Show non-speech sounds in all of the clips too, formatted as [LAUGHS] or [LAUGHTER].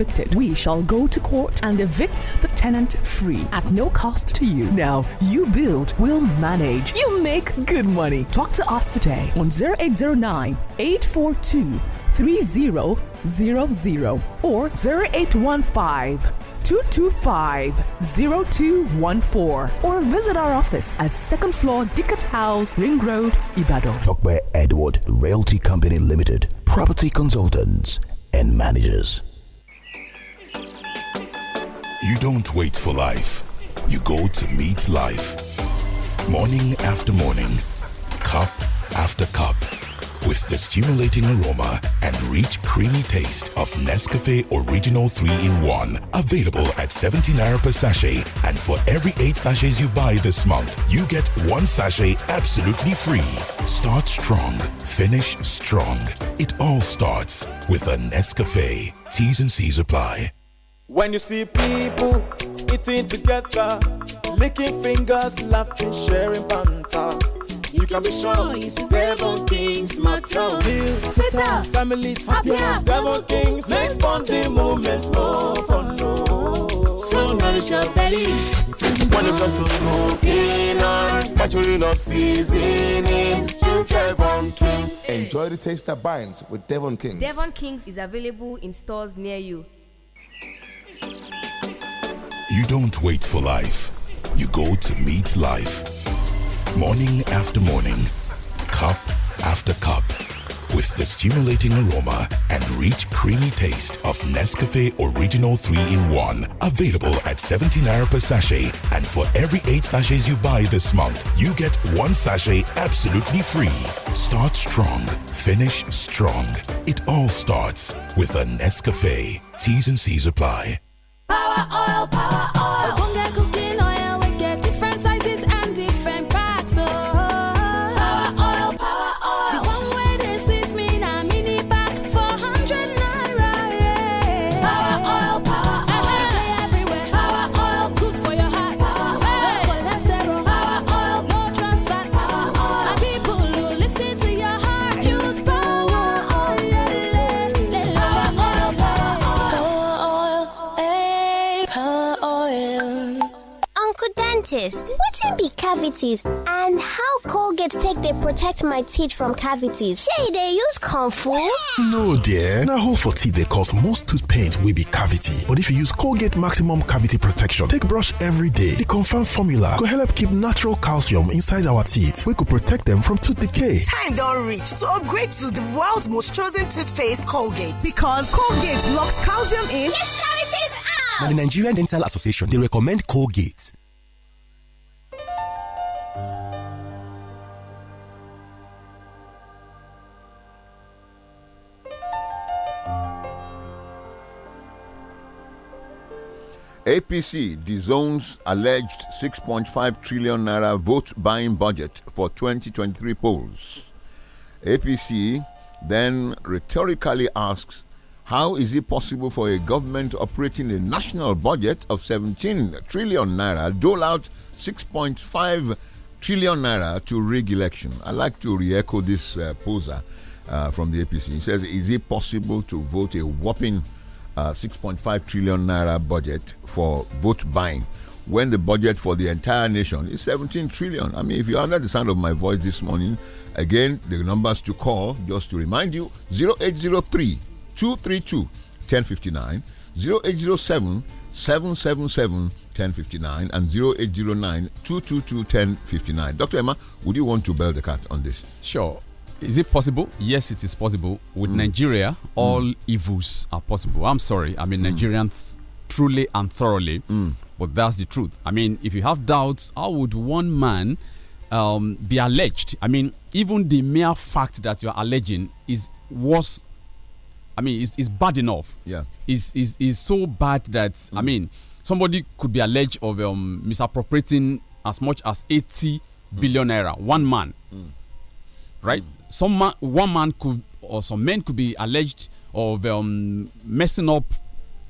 evicted, we shall go to court and evict the tenant free at no cost to you. Now, you build, we'll manage. You make good money. Talk to us today on 0809 842 3000 or 0815 225-0214 or visit our office at second floor Dickett House, Ring Road, Ibadan. Talk by Edward Realty Company Limited, property consultants and managers. You don't wait for life. You go to meet life. Morning after morning, cup after cup, with the stimulating aroma and rich creamy taste of Nescafe Original 3 in 1. Available at 17 naira per sachet. And for every 8 sachets you buy this month, you get 1 sachet absolutely free. Start strong, finish strong. It all starts with a Nescafe. T's and C's apply. When you see people eating together, licking fingers, laughing, sharing banter. You, can, be sure it's devil Kings matter. Deals, better, families, happier. Devil Kings makes bonding moments more fun. No. So nourish your bellies. When you comes to cooking on, naturally not seasoning, choose Devon Kings. Enjoy the taste that binds with Devon Kings. Devon Kings is available in stores near you. You don't wait for life, you go to meet life. Morning after morning, cup after cup with the stimulating aroma and rich creamy taste of Nescafe Original 3 in 1. Available at 17 naira per sachet. And for every 8 sachets you buy this month, you get 1 sachet absolutely free. Start strong, finish strong. It all starts with a Nescafe. T's and C's apply. Power oil, power oil. dentist. in be cavities and how Colgate take they protect my teeth from cavities? Shey they use comfort? No dear, Now, hole for teeth they cause most tooth pains will be cavity. But if you use Colgate maximum cavity protection take brush every day, the confirmed formula go help keep natural calcium inside our teeth We could protect them from tooth decay. Time don't reach to upgrade to the world's most chosen toothpaste Colgate because Colgate locks calcium in. Yes, cavities out! Now the Nigerian Dental Association, they recommend Colgate. APC disowns alleged 6.5 trillion naira vote buying budget for 2023 polls. APC then rhetorically asks how is it possible for a government operating a national budget of 17 trillion naira dole out 6.5 trillion naira to rig election? I like to re echo this uh, poser uh, from the APC. He says, Is it possible to vote a whopping uh, 6.5 trillion naira budget for vote buying when the budget for the entire nation is 17 trillion. I mean, if you are under the sound of my voice this morning, again, the numbers to call, just to remind you 0803 232 1059, 0807 777 1059 and 0809 222 1059. Dr. Emma, would you want to bell the cat on this? Sure. Is it possible? Yes, it is possible. With mm. Nigeria, mm. all mm. evils are possible. I'm sorry. I mean, mm. Nigerian truly and thoroughly, mm. but that's the truth. I mean, if you have doubts, how would one man um, be alleged? I mean, even the mere fact that you are alleging is worse. I mean, it's, it's bad enough. Yeah. Is is is so bad that I mean, somebody could be alleged of um, misappropriating as much as 80 mm. billion naira one man mm. right some man, one man could or some men could be alleged of um, messing up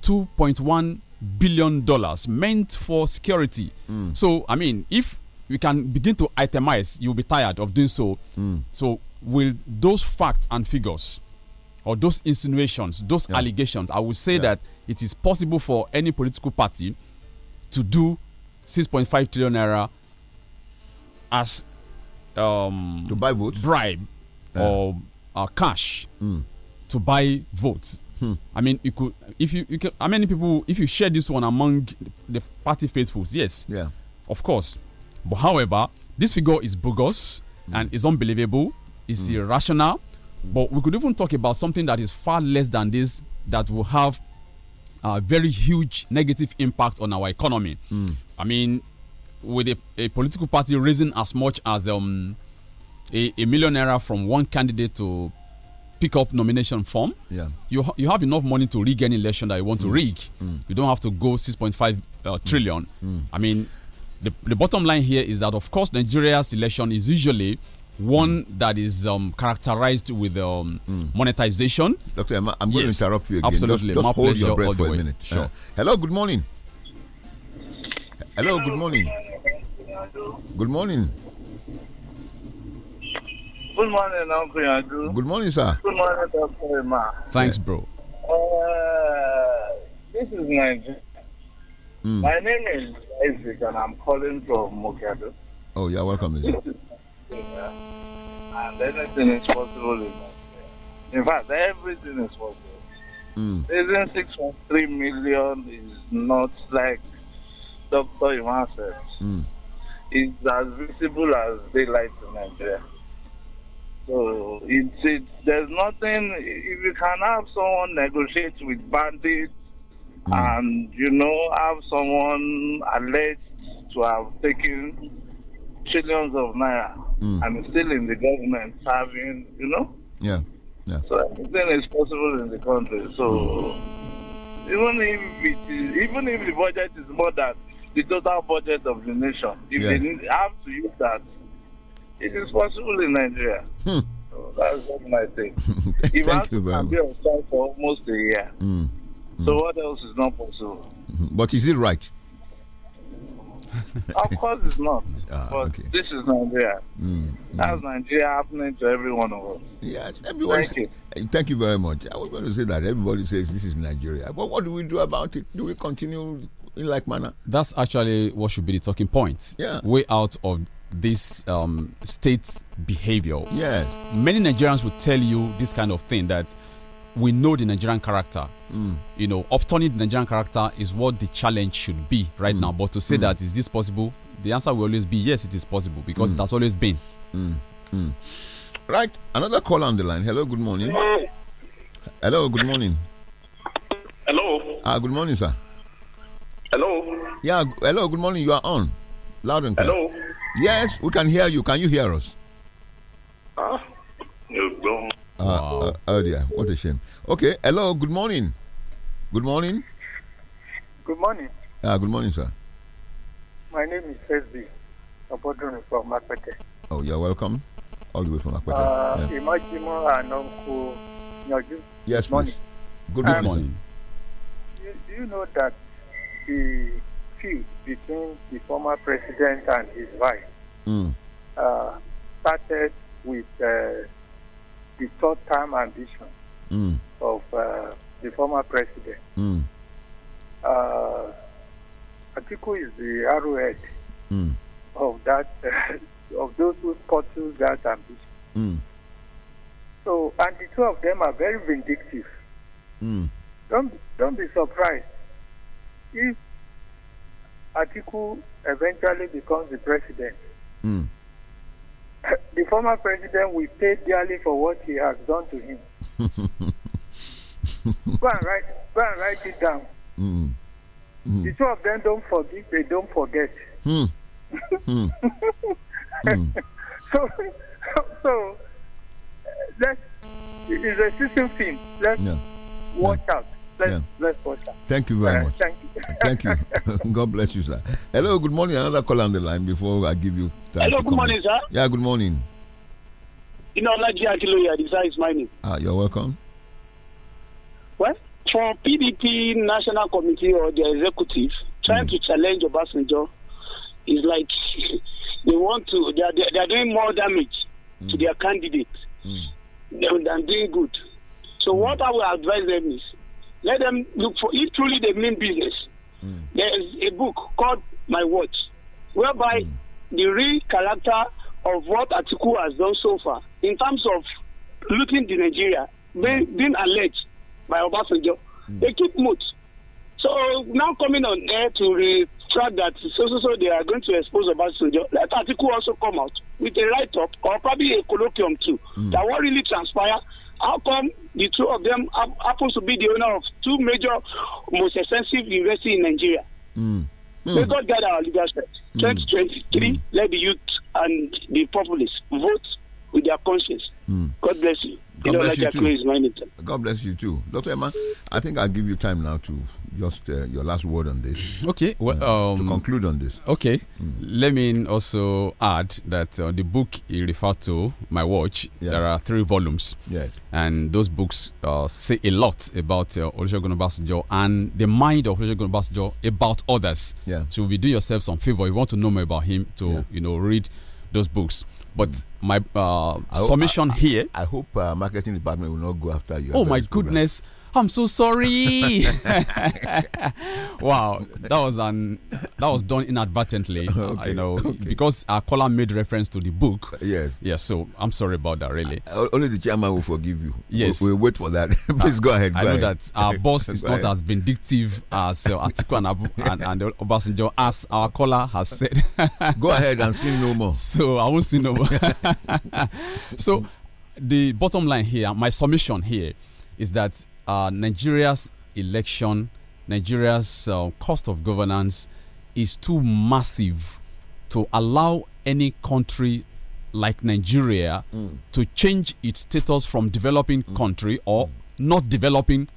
2.1 billion dollars meant for security. Mm. So I mean, if we can begin to itemize, you'll be tired of doing so. Mm. So will those facts and figures or those insinuations, those yeah. allegations, I would say yeah. that it is possible for any political party to do 6.5 trillion naira as um, to buy votes, bribe or uh, cash mm. to buy votes. Hmm. I mean, you could if you, you could, how many people if you share this one among the party faithfuls? Yes, yeah, of course. But however, this figure is bogus mm. and is unbelievable. It's mm. irrational. But we could even talk about something that is far less than this that will have a very huge negative impact on our economy. Hmm. I mean, with a, a, political party raising as much as um, a, a million naira from one candidate to pick up nomination form. Yeah. You you have enough money to rig any election that you want mm. to rig. Mm. You don't have to go six point five uh, trillion. Mm. I mean, the, the bottom line here is that of course Nigeria's election is usually one that is um, characterized with um, mm. monetization. Doctor, I'm, I'm yes. going to interrupt you again. Absolutely, just, just hold pleasure your breath for way. a minute. Sure. Uh, hello, good morning. Hello, good morning. Good morning. Good morning, Uncle Yadu. Good morning, sir. Good morning, Dr. Emma. Thanks, bro. Uh, this is Nigeria. Mm. My name is Isaac, and I'm calling from Mokado. Oh, you're welcome, welcome, Isaac. and everything is possible in Nigeria. In fact, everything is possible. Mm. six point 6.3 million is not like Dr. Iman says? Mm. It's as visible as daylight in Nigeria. So it's, it's there's nothing. If you can have someone negotiate with bandits, mm. and you know have someone alleged to have taken trillions of naira mm. and still in the government serving, you know. Yeah. Yeah. So everything is possible in the country. So mm. even if it is, even if the budget is more than the total budget of the nation, if yeah. they have to use that it is possible in Nigeria. Hmm. So that's what my thing. [LAUGHS] Thank Iran you very much. for almost a year. Mm. Mm. So what else is not possible? Hmm. But is it right? of course it's not. [LAUGHS] Ah, but okay. this is Nigeria. Mm, mm. That's Nigeria happening to every one of us. Yes, everyone. Thank you. Thank you very much. I was going to say that everybody says this is Nigeria. But what do we do about it? Do we continue in like manner? That's actually what should be the talking point. Yeah. Way out of this um, state behavior. Yes. Many Nigerians will tell you this kind of thing that we know the Nigerian character. Mm. You know, upturning the Nigerian character is what the challenge should be right mm. now. But to say mm. that is this possible, the answer will always be yes, it is possible because mm. it has always been. Mm. Mm. Right. Another call on the line. Hello, good morning. Hello, good morning. Hello. Ah, good morning, sir. Hello. Yeah, hello, good morning. You are on. Loud and clear. Hello. Yes, we can hear you. Can you hear us? Ah, you don't. Uh, ah, uh, oh dear, what a shame. Okay, hello, good morning. Good morning. Good morning. Ah, good morning, sir. My name is Sezbi. I'm from Makpete. Oh, you're welcome. All the way from Akpete. Uh, yeah. Imajimo and Uncle Nyoju. Yes, morning. Please. Good, good um, morning. You, you know that the feud between the former president and his wife mm. uh, started with uh, the third term ambition mm. of uh, the former president. Mm. Uh, Atiku is the arrowhead mm. of that uh, [LAUGHS] of those who pursue that ambition. Hmm. So, and the two of them are very vindictive. Hmm. Don't don't be surprised if Atiku eventually becomes the president, mm. the former president will pay dearly for what he has done to him. [LAUGHS] go and write, go and write it down. Mm. Mm. The two of them don't forgive, they don't forget. Hmm. Hmm. [LAUGHS] Hmm. so, so let's it's a system thing. Let's yeah. watch yeah. out. Bless, yeah. bless God, Thank you very uh, much. Thank you. [LAUGHS] thank you. [LAUGHS] God bless you, sir. Hello, good morning. Another call on the line before I give you time. Hello, good morning, sir. Yeah, good morning. You know, like Akiloya, this is my name. Ah, you're welcome. Well, from PDP National Committee or the executive, trying mm. to challenge Obasanjo is like [LAUGHS] they want to, they are, they are doing more damage mm. to hmm. their candidate mm. than doing good. So, hmm. what I will advise them is let them look for if truly they mean business. Mm. There is a book called My Watch, whereby mm. the real character of what Atiku has done so far in terms of looking to Nigeria, being, hmm. being alleged by Obasanjo, mm. they keep mute. So now coming on air to retract that so so so they are going to expose Obasanjo. Let Atiku also come out with a write up or probably a colloquium too. Mm. That what really transpire. How come the two of them happens to be the owner of two major, most expensive universities in Nigeria. Mm. Mm. May God guide our leadership. Eh? Hmm. 2023, mm. let the youth and the populace vote with their conscience. Hmm. God bless you. God you know, bless like you too. God bless you too, Doctor Emma. I think I'll give you time now to just uh, your last word on this. Okay, well, uh, um, to conclude on this. Okay, mm. let me also add that uh, the book you refer to, my watch, yeah. there are three volumes. Yes, and those books uh, say a lot about uh, Olusegun Obasanjo and the mind of Olusegun Obasanjo about others. Yeah, so we do yourself some favor. you want to know more about him, to yeah. you know read those books. But my uh, submission I, here. I hope uh, marketing department will not go after you. Oh my goodness. Program. I'm so sorry. [LAUGHS] [LAUGHS] wow, that was an that was done inadvertently, [LAUGHS] okay. you know, okay. because our caller made reference to the book. Yes. Yeah. So I'm sorry about that. Really. Uh, only the chairman will forgive you. Yes. We'll, we'll wait for that. [LAUGHS] Please uh, go ahead. Go I know ahead. that our [LAUGHS] boss is not as vindictive as uh, Atiku and, and, and Obasanjo as our caller has said. go ahead and sing no more. So I will not sing no more. so the bottom line here, my submission here, is that uh, Nigeria's election Nigeria's uh, cost of governance is too massive to allow any country like Nigeria mm. to change its status from developing mm. country or mm. not developing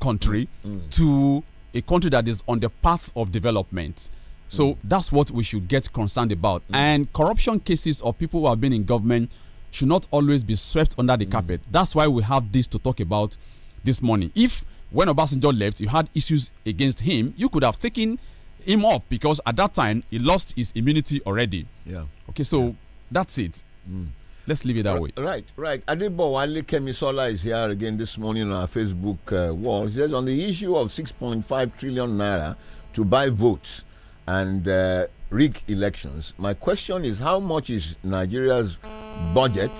country mm. to a country that is on the path of development. So mm. that's what we should get concerned about. Mm. And corruption cases of people who have been in government should not always be swept under the carpet. That's why we have this to talk about this morning. If when Obasanjo left, you had issues against him. You could have taken him up because at that time he lost his immunity already. Yeah. Okay, so yeah. that's it. Mm. Let's leave it that R way. Right, right. Adebo Wale Kemisola is here again this morning on our Facebook uh, wall. He says on the issue of 6.5 trillion naira to buy votes and uh, rig elections. My question is how much is Nigeria's budget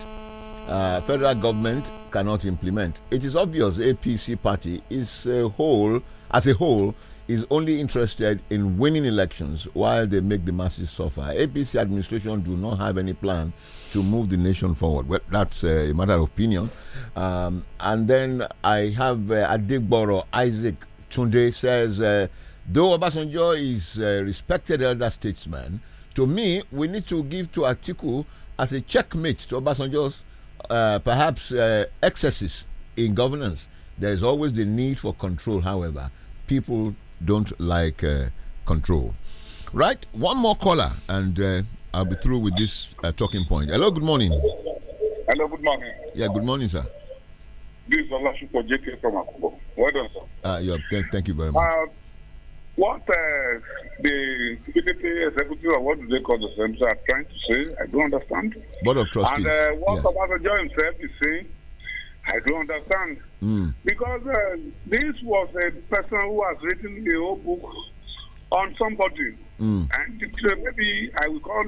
uh, federal government cannot implement. It is obvious APC party is a uh, whole, as a whole, is only interested in winning elections while they make the masses suffer. APC administration do not have any plan to move the nation forward. Well, that's uh, a matter of opinion. Um, and then I have uh, Adigboro Isaac Tunde says, uh, though Obasanjo is a uh, respected elder statesman, to me, we need to give to Atiku as a checkmate to Obasanjo's uh, perhaps uh, excesses in governance. There is always the need for control, however. People don't like uh, control. Right? One more caller, and uh, I'll be through with this uh, talking point. Hello, good morning. Hello, good morning. Yeah, good morning, sir. This is Olashupo JK from Akubo. Well done, sir. Uh, yeah, th thank you very much. What uh, the PDP executive or what do they call themselves are trying to say, I don't understand. Board of Trustees. And uh, what yeah. Obasanjo himself is saying, I don't understand. Mm. Because uh, this was a person who has written a whole book on somebody. Mm. And uh, maybe I will call,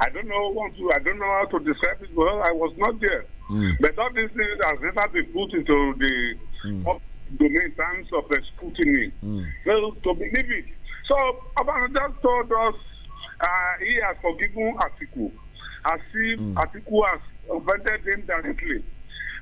I don't know want to, I don't know how to describe it. Well, I was not there. Mm. But all these things has never been put into the mm domain terms of uh, scrutiny. Mm. So to believe it. So Obasanjo told us uh, he has forgiven Atiku as if mm. Atiku has offended him directly.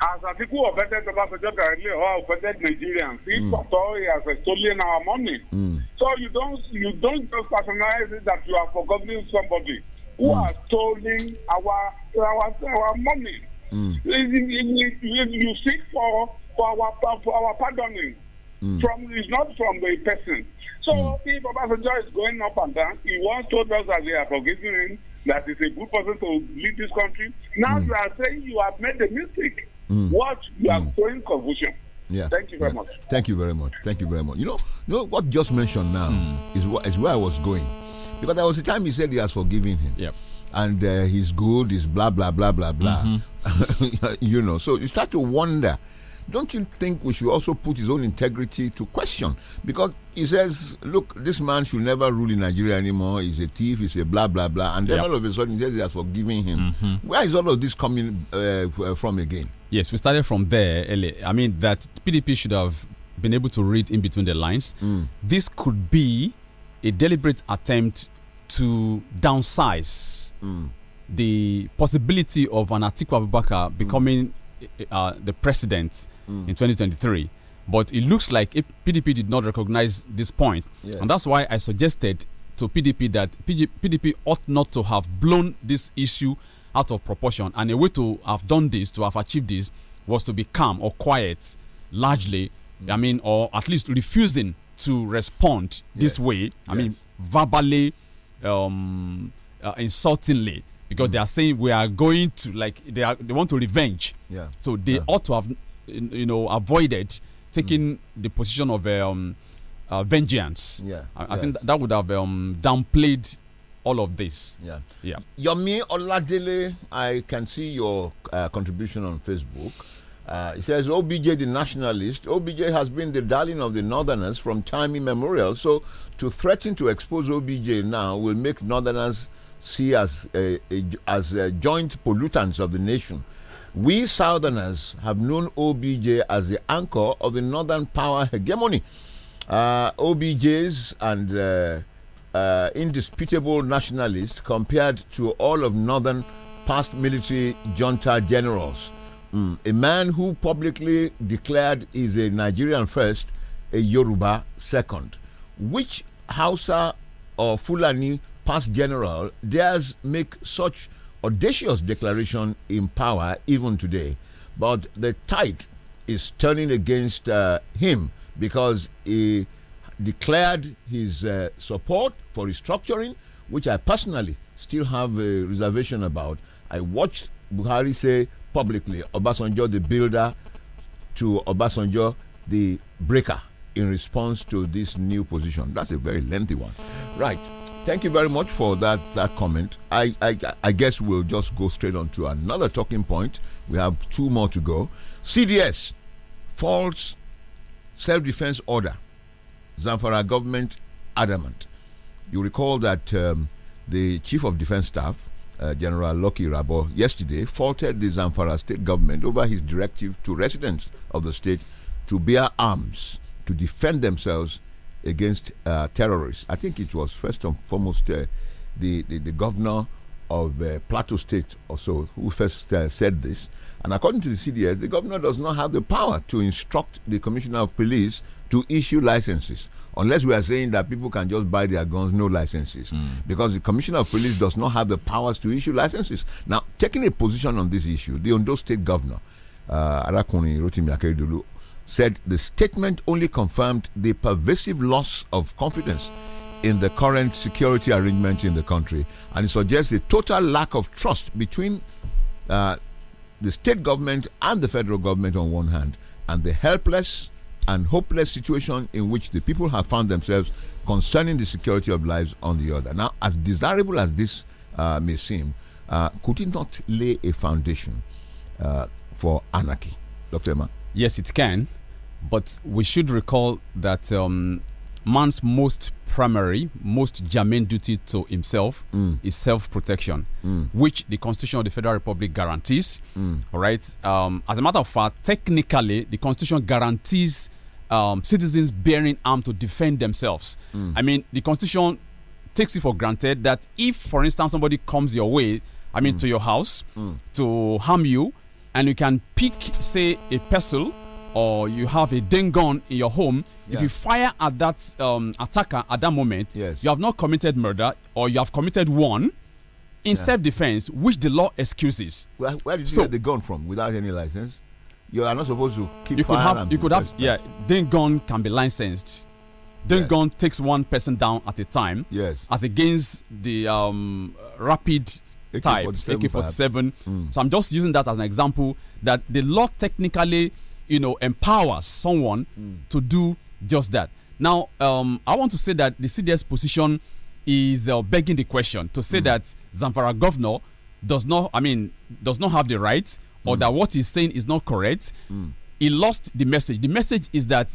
As Atiku offended Obasanjo directly or offended Nigerians, he mm. thought he has stolen our money. Mm. So you don't you don't just personalize it that you are forgiving somebody who mm. has stolen our our our money. Mm. you seek for for our for our pardoning. Mm. From is not from the person. So mm. if Obasanjo is going up and down, he once told us that we are forgiving him, that he's a good person to lead this country. Now mm. you are saying you have made a mistake. Hmm. What you are hmm. showing confusion. Yeah. Thank you very yeah. much. Thank you very much. Thank you very much. You know, you know what just mentioned now hmm. is what is where I was going, because there was a time he said he has forgiven him. And uh, he's good. He's blah blah blah blah blah. -hmm. [LAUGHS] you know, so you start to wonder don't you think we should also put his own integrity to question? Because he says, look, this man should never rule in Nigeria anymore. He's a thief, he's a blah, blah, blah. And then yep. all of a sudden he says he has forgiven him. Mm -hmm. Where is all of this coming uh, from again? Yes, we started from there, Eli. I mean, that PDP should have been able to read in between the lines. Mm. This could be a deliberate attempt to downsize mm. the possibility of an Atiku Abubakar becoming uh, the president mm. in 2023. But it looks like PDP did not recognize this point. Yeah. And that's why I suggested to PDP that PG, PDP ought not to have blown this issue out of proportion. And a way to have done this, to have achieved this, was to be calm or quiet, largely, mm. I mean, or at least refusing to respond yeah. this way. I yes. mean, verbally, um, uh, insultingly because mm. they are saying we are going to like they are they want to revenge. Yeah. So they yeah. ought to have you know, avoided taking mm. the position of um, uh, vengeance. Yeah, I, I think that would have um, downplayed all of this. Yeah, yeah. Yomi Oladele, I can see your uh, contribution on Facebook. Uh, it says OBJ the nationalist. OBJ has been the darling of the northerners from time immemorial. So to threaten to expose OBJ now will make northerners see as a, a as a uh, joint pollutants of the nation. We Southerners have known OBJ as the anchor of the Northern power hegemony. Uh, OBJs and uh, uh, indisputable nationalists compared to all of Northern past military junta generals. Mm. A man who publicly declared is a Nigerian first, a Yoruba second. Which Hausa or Fulani past general dares make such audacious declaration in power even today, but the tide is turning against uh, him because he declared his uh, support for restructuring, which I personally still have a reservation about. I watched Buhari say publicly, Obasanjo the builder to Obasanjo the breaker in response to this new position. That's a very lengthy one. Right. Thank you very much for that that comment. I, I I guess we'll just go straight on to another talking point. We have two more to go. CDS false self-defense order. Zamfara government adamant. You recall that um, the chief of defense staff, uh, General Loki Rabo, yesterday faulted the Zamfara state government over his directive to residents of the state to bear arms to defend themselves against uh, terrorists. I think it was first and foremost uh, the, the, the, governor of uh, Plateau State also who first uh, said this. And according to the CDS, the governor does not have the power to instruct the commissioner of police to issue licenses. Unless we are saying that people can just buy their guns, no licenses. Mm. Because the commissioner of police does not have the powers to issue licenses. Now, taking a position on this issue, the Ondo State governor, uh, Arakuni Rotimi Akeridolu, said the statement only confirmed the pervasive loss of confidence in the current security arrangement in the country. And it suggests a total lack of trust between uh, the state government and the federal government on one hand, and the helpless and hopeless situation in which the people have found themselves concerning the security of lives on the other. Now, as desirable as this uh, may seem, uh, could it not lay a foundation uh, for anarchy? Dr. Emma? Yes, it can. But we should recall that um, man's most primary, most germane duty to himself mm. is self protection, mm. which the Constitution of the Federal Republic guarantees. Mm. All right. Um, as a matter of fact, technically, the Constitution guarantees um, citizens bearing arms to defend themselves. Mm. I mean, the Constitution takes it for granted that if, for instance, somebody comes your way, I mean, mm. to your house mm. to harm you, and you can pick, say, a pestle or you have a ding gun in your home, if you fire at that um, attacker at that moment, yes. you have not committed murder or you have committed one in yeah. self-defense, which the law excuses. Where, where did you so, get the gun from without any license? You are not supposed to keep. You could have. You could have. Yeah, ding gun can be licensed. Ding yes. gun takes one person down at a time. Yes. As against the um, rapid AK type AK-47. Mm. So I'm just using that as an example that the law technically you know, empower someone mm. to do just that. Now, um, I want to say that the CDS position is uh, begging the question to say mm. that Zamfara governor does not, I mean, does not have the right or mm. that what he's saying is not correct. Mm. He lost the message. The message is that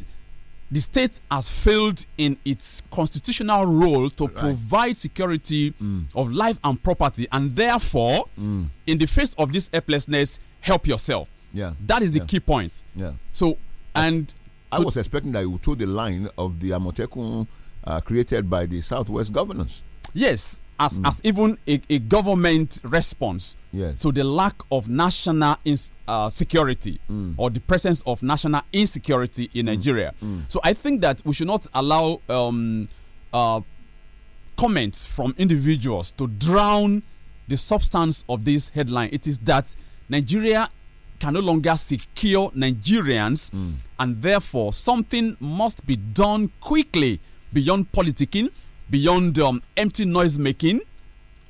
the state has failed in its constitutional role to right. provide security mm. of life and property, and therefore, mm. in the face of this helplessness, help yourself. Yeah. That is the yeah. key point. Yeah. So, and. I was expecting that you toe the line of the Amotekun uh, created by the Southwest governors. Yes, as, mm. as even a, a government response yes. to the lack of national uh, security mm. or the presence of national insecurity in mm. Nigeria. Hmm. So I think that we should not allow um, uh, comments from individuals to drown the substance of this headline. It is that Nigeria can no longer secure Nigerians, mm. and therefore something must be done quickly beyond politicking, beyond um, empty noise making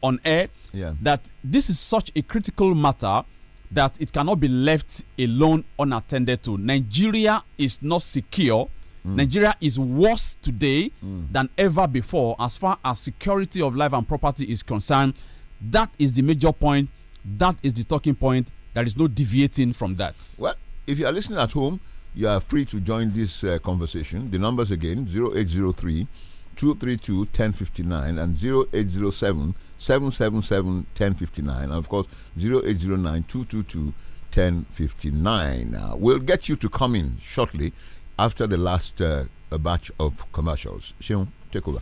on air. Yeah. That this is such a critical matter that it cannot be left alone unattended to. Nigeria is not secure. Mm. Nigeria is worse today mm. than ever before as far as security of life and property is concerned. That is the major point. That is the talking point there is no deviating from that. Well, if you are listening at home, you are free to join this uh, conversation. The numbers again 0803 232 1059 and 0807 777 1059. And of course, 0809 222 1059. Uh, we'll get you to come in shortly after the last uh, batch of commercials. Shion, take over.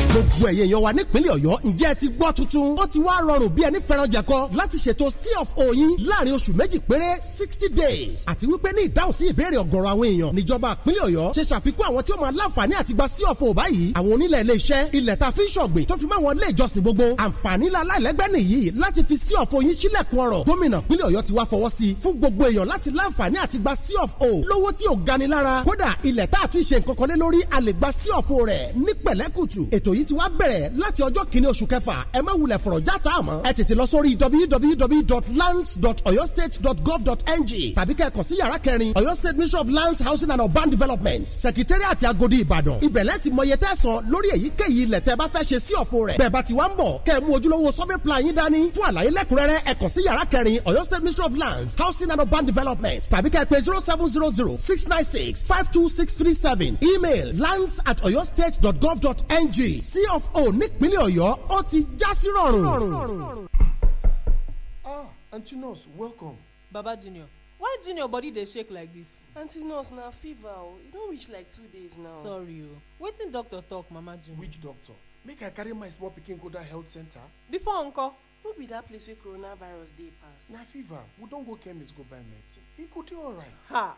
gbogbo ẹ̀yẹ yẹn wa nípínlẹ̀ ọ̀yọ́ ǹjẹ́ ẹ ti gbọ́ tuntun ó ti wá rọrùn bí ẹni fẹ́ràn jẹ̀kọ láti ṣètò sea of oyin láàrin oṣù méjì péré sixty days àti wípé ní ìdáhùn sí ìbéèrè ọ̀gọ̀rọ̀ àwọn èèyàn níjọba ìpínlẹ̀ ọ̀yọ́ ṣe ṣàfikún àwọn tí ó máa láǹfààní àti gba sea of o báyìí àwọn onílẹ̀ ilé iṣẹ́ ilẹ̀ ta fi ń ṣọ̀gbìn tó fi mọ́ àwọn ilé ìjọsìn gbogbo àǹfààní láláìlẹ́gbẹ́ of oyin sílẹ̀kùn ọ̀rọ̀ gómìnà ìpínlẹ̀ ọ̀yọ́ ti wá fọwọ́ sí i fún gbogbo èèyàn láti láǹfààní of o lówó tí ò gani lára kódà ilẹ̀ tá àti ṣe nǹkan kan lé of o rẹ̀ ní pẹ̀lẹ́kùtù ètò y yìí ti wá bẹ̀rẹ̀ láti ọjọ́ kìíní oṣù kẹfà ẹ má wulẹ̀ fọ̀rọ̀ já ta mọ́ ẹ tètè lọ sórí www.lands.oyostate.gov.ng tàbí kẹ́kọ̀ọ́ sí yàrá kẹrin Ọ̀yọ́ State Ministry of Lands Housing and Urban Development Secretariat Agodi Ìbàdàn ibẹ̀lẹ̀ ti mọye tẹ̀sán lórí èyíkéyìí ilẹ̀ tẹ́ bá fẹ́ ṣe sí ọ̀fọ̀ rẹ̀ bẹ́ẹ̀ bá ti wá ń bọ̀ kẹ́ ẹ mú ojúlówó survey plan yín dání fún àlàyé lẹ́kùnrẹ́rẹ́ ẹ kàn sí yàrá kẹrin Ọ̀yọ́ State Ministry of Lands Housing and Urban Development tàbí kẹ́ ẹ pè zero seven zero zero six nine six five two six three seven email lands at oyostate.gov.ng CFO nípínlẹ̀ Ọ̀yọ́ ó ti já sí rọrùn. ah aunty nurse welcome. baba junior why junior body dey shake like this. aunty nurse na fever o e don reach like two days now. sorry o wetin doctor talk mama junior. which doctor make i carry my small pikin go dat health center. before uncle. who be dat place wey coronavirus dey pass. na fever we don go chemist go buy medicine e go dey alright. ha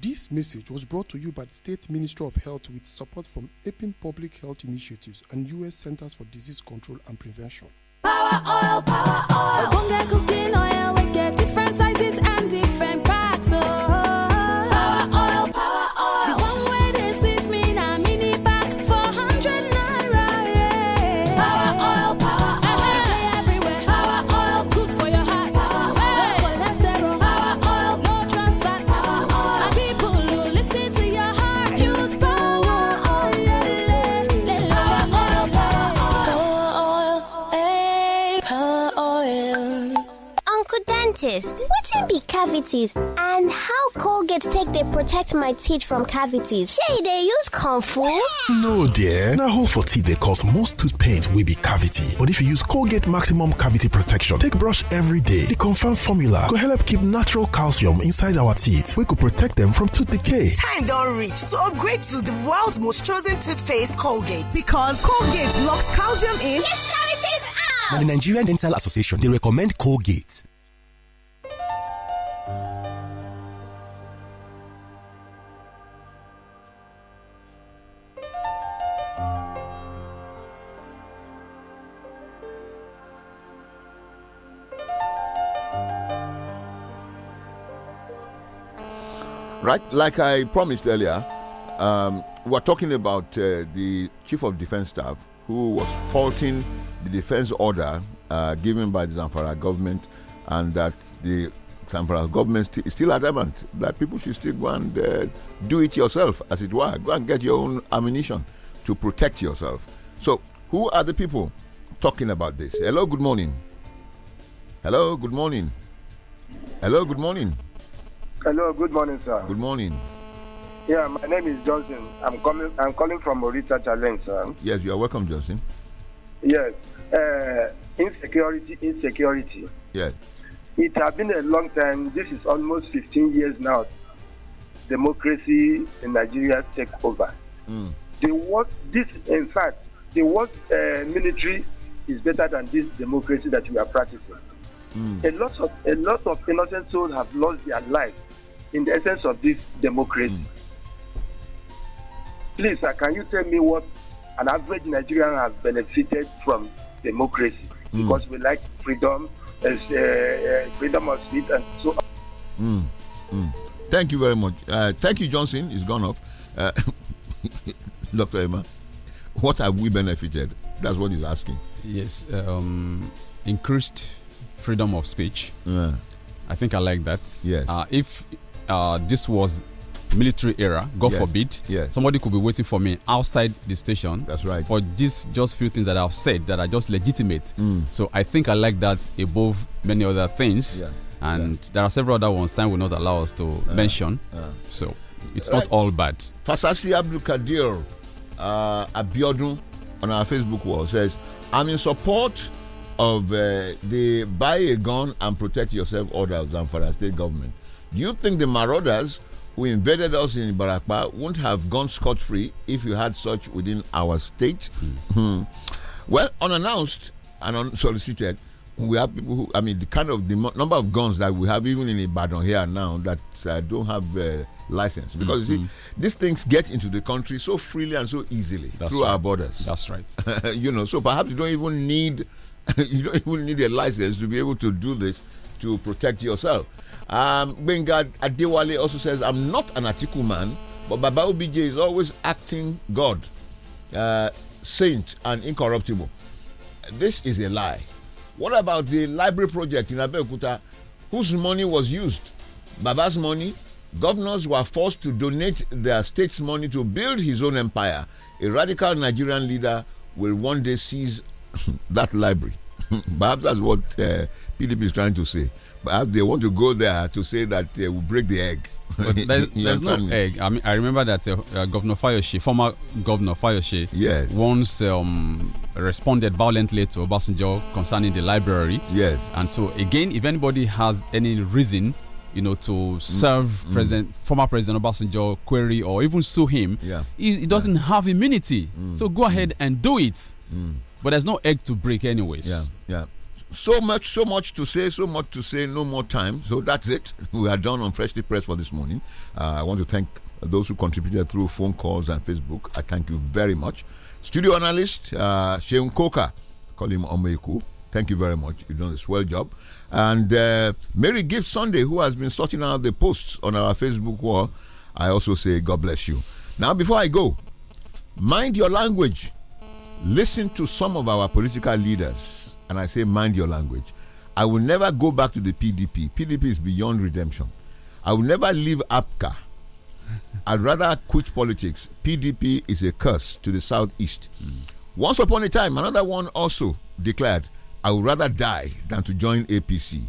This message was brought to you by the State Ministry of Health with support from APIN Public Health Initiatives and U.S. Centers for Disease Control and Prevention. Power oil, power oil. dentist. can be cavities and how Colgate take they protect my teeth from cavities? Shey they use use comfort? No dear, Now, hole for teeth they cause most tooth pains will be cavity. But if you use Colgate maximum cavity protection take brush every day, the confirmed formula go help keep natural calcium inside our teeth We could protect them from tooth decay. Time don't reach to upgrade to the world's most chosen toothpaste Colgate because Colgate locks calcium in. Yes, cavities out! Now the Nigerian Dental Association, they recommend Colgate. Right, like I promised earlier, um, we're talking about uh, the Chief of Defense Staff who was faulting the defense order uh, given by the Zamfara government and that the Zamfara government st- is still adamant that people should still go and uh, do it yourself, as it were. Go and get your own ammunition to protect yourself. So, who are the people talking about this? Hello, good morning. Hello, good morning. Hello, good morning. Hello, good morning, sir. Good morning. Yeah, my name is Johnson. I'm coming. I'm calling from Orita Challenge, sir. Yes, you are welcome, Johnson. Yes, uh, insecurity, insecurity. Yes. It has been a long time. This is almost 15 years now. Democracy in Nigeria take over. Mm. The what? this, in fact, the what? uh, military is better than this democracy that we are practicing. Mm. A lot of a lot of innocent souls have lost their lives in the essence of this democracy. Mm. Please, sir, can you tell me what an average Nigerian has benefited from democracy? Mm. Because we like freedom, uh, uh, uh, freedom of speech, and so on. Mm. Thank you very much. Uh, thank you, Johnson. It's gone off. Uh, [LAUGHS] Dr. Emma, what have we benefited? That's what he's asking. Yes, um, increased freedom of speech. Yeah. I think I like that. Yes. Uh, if uh, this was military era, God yes. forbid, yes. somebody could be waiting for me outside the station. That's right. For these just few things that I've said that are just legitimate. Mm. So I think I like that above many other things. Yeah. And yeah. there are several other ones time will not allow us to uh, mention. Uh. So it's not uh, all bad. Fasasi Abdul Kadir uh, Abiodun on our Facebook wall says, I'm in support of uh, the buy a gun and protect yourself orders and for the state government do you think the marauders who invaded us in Ibarapa wouldn't have gone scot free if you had such within our state? Mm. well, unannounced and unsolicited, we have people who, I mean, the kind of the number of guns that we have even in Ibadan here now that uh, don't have. Uh, license because mm -hmm. see, mm-hmm. these things get into the country so freely and so easily that's through right. our borders. That's right. [LAUGHS] you know, so perhaps you don't even need [LAUGHS] you don't even need a license to be able to do this to protect yourself. Um, Benga Adewale also says, I'm not an Atiku man, but Baba OBJ is always acting God, uh, saint, and incorruptible. This is a lie. What about the library project in Abeokuta, whose money was used? Baba's money? Governors were forced to donate their state's money to build his own empire. A radical Nigerian leader will one day seize [LAUGHS] that library. [LAUGHS] Perhaps that's what uh, PDP is trying to say perhaps they want to go there to say that they uh, will break the egg. But [LAUGHS] there's, there's no me? egg. I mean, I remember that uh, uh, Governor Fayoshe, former Governor Fayoshe, yes. once um, responded violently to Obasanjo concerning the library. Yes. And so again, if anybody has any reason you know, to serve mm. President, mm. former President Obasanjo query or even sue him, yeah. he, he doesn't yeah. have immunity. Mm. So go mm. ahead and do it. Mm. But there's no egg to break, anyways. Yeah, yeah so much, so much to say, so much to say, no more time. So that's it. [LAUGHS] We are done on Freshly Press for this morning. Uh, I want to thank those who contributed through phone calls and Facebook. I thank you very much. Studio analyst, uh, Sheun Koka, call him Omeku. Thank you very much. You've done a swell job. And uh, Mary Gift Sunday, who has been sorting out the posts on our Facebook wall, I also say God bless you. Now, before I go, mind your language. Listen to some of our political leaders and I say, mind your language. I will never go back to the PDP. PDP is beyond redemption. I will never leave APCA. I'd rather quit politics. PDP is a curse to the southeast. Mm. Once upon a time, another one also declared, I would rather die than to join APC.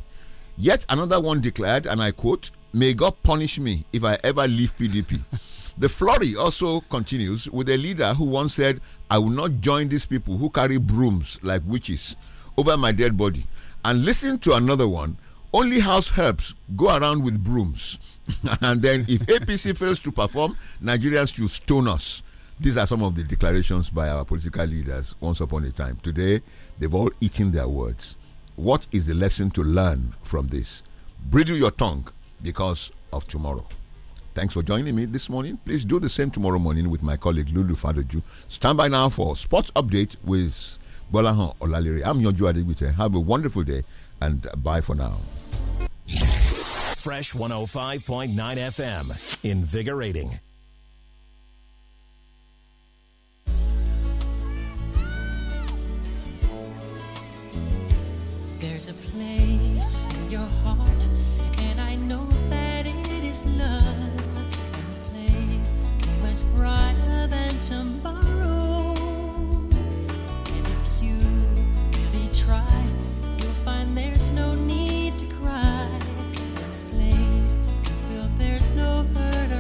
Yet another one declared, and I quote, May God punish me if I ever leave PDP. [LAUGHS] the flurry also continues with a leader who once said, I will not join these people who carry brooms like witches over my dead body. And listen to another one. Only house helps go around with brooms. [LAUGHS] and then if APC [LAUGHS] fails to perform, Nigerians should stone us. These are some of the declarations by our political leaders once upon a time. Today, they've all eaten their words. What is the lesson to learn from this? Bridle your tongue because of tomorrow. Thanks for joining me this morning. Please do the same tomorrow morning with my colleague Lulu Fadoju. Stand by now for sports update with Bolahan Olalere. I'm your Joe Adigwite. Have a wonderful day and bye for now. Fresh 105.9 FM. Invigorating. There's a place in your heart, and I know that it is love. And this place was brighter than tomorrow.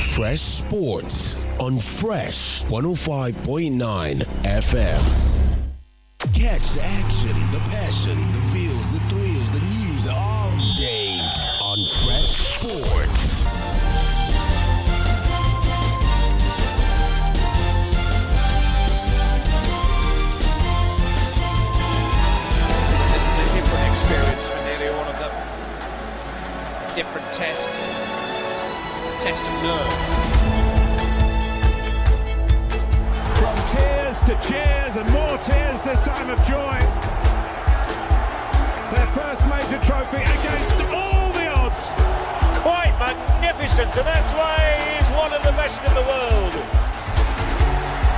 Fresh Sports on Fresh 105.9 FM. Catch the action, the passion, the feels, the thrills, the news all day on Fresh Sports. This is a different experience for nearly all of them. Different test test of nerves. From tears to cheers and more tears this time of joy. Their first major trophy against all the odds. Quite magnificent, and that's why he's one of the best in the world.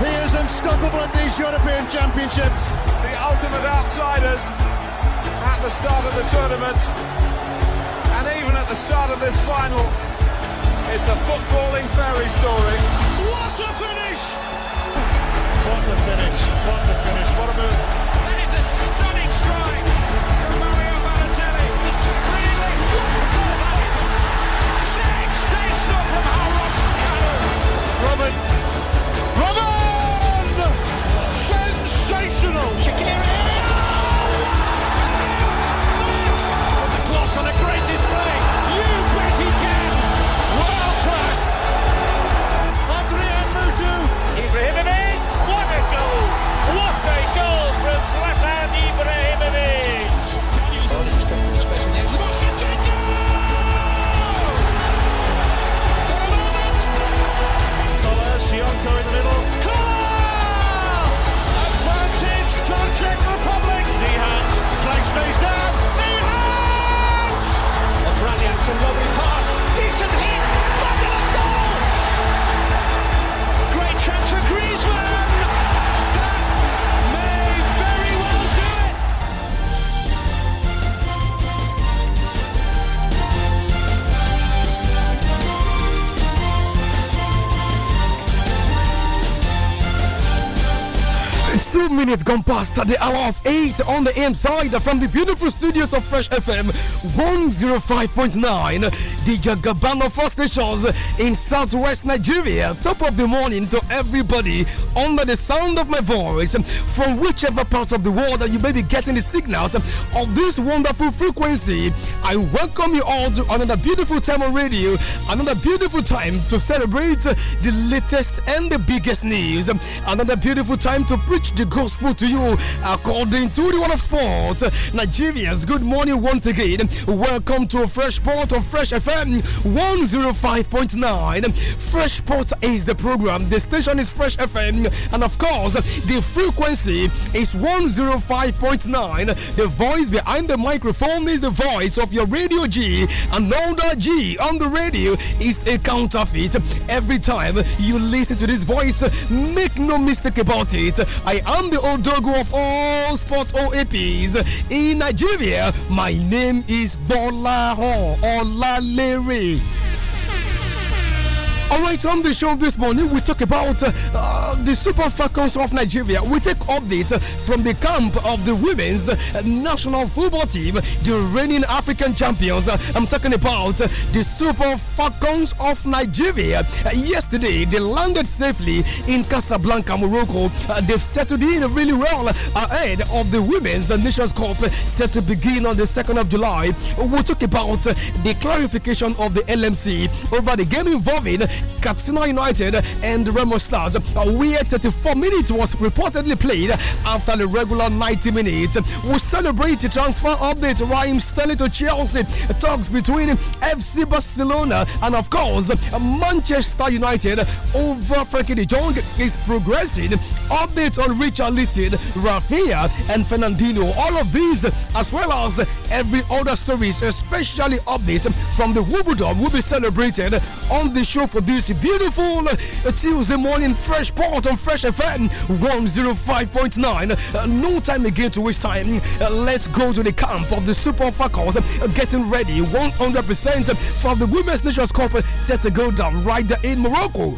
He is unstoppable at these European Championships. The ultimate outsiders at the start of the tournament and even at the start of this final it's a footballing fairy story. What a finish! What a finish! What a finish! What a move! That is a stunning strike from Mario Balotelli. It's too What a goal that is! Sensational from Robin stays down. He has! A brilliant lovely Two minutes gone past the hour of 8 on the AM side from the beautiful studios of Fresh FM 105.9 the Jagabano Four Stations in southwest Nigeria. Top of the morning to everybody under the sound of my voice from whichever part of the world that you may be getting the signals of this wonderful frequency. I welcome you all to another beautiful time on radio, another beautiful time to celebrate the latest and the biggest news, another beautiful time to preach the gospel to you according to the one of sport. Nigerians, good morning once again. Welcome to a fresh port of Fresh FM. FM 105.9. Freshport is the program. The station is Fresh FM, and of course, the frequency is 105.9. The voice behind the microphone is the voice of your Radio G. and Another G on the radio is a counterfeit. Every time you listen to this voice, make no mistake about it. I am the old dog of all sport OAPs in Nigeria. My name is Bola Ho Olale lérè. All right, on the show this morning, we talk about uh, the Super Falcons of Nigeria. We take update from the camp of the women's national football team, the reigning African champions. I'm talking about the Super Falcons of Nigeria. Yesterday, they landed safely in Casablanca, Morocco. Uh, they've settled in really well ahead of the Women's Nations Cup set to begin on the 2nd of July. we talk about the clarification of the LMC over the game involving Katsina United and Remo Stars, A weird 34 minutes was reportedly played after the regular 90 minutes. We will celebrate the transfer update Raheem Sterling to Chelsea, talks between FC Barcelona and, of course, Manchester United over Frankie de Jong is progressing. Updates on Richard Liston, Rafinha, and Fernandino. All of these, as well as every other stories, especially update from the Wubudom, will be celebrated on the show for this beautiful uh, Tuesday morning, fresh port on Fresh FM 105.9. Uh, no time again to waste time. Uh, let's go to the camp of the Super Falcons getting ready 100% for the Women's Nations Cup set to go down right there in Morocco.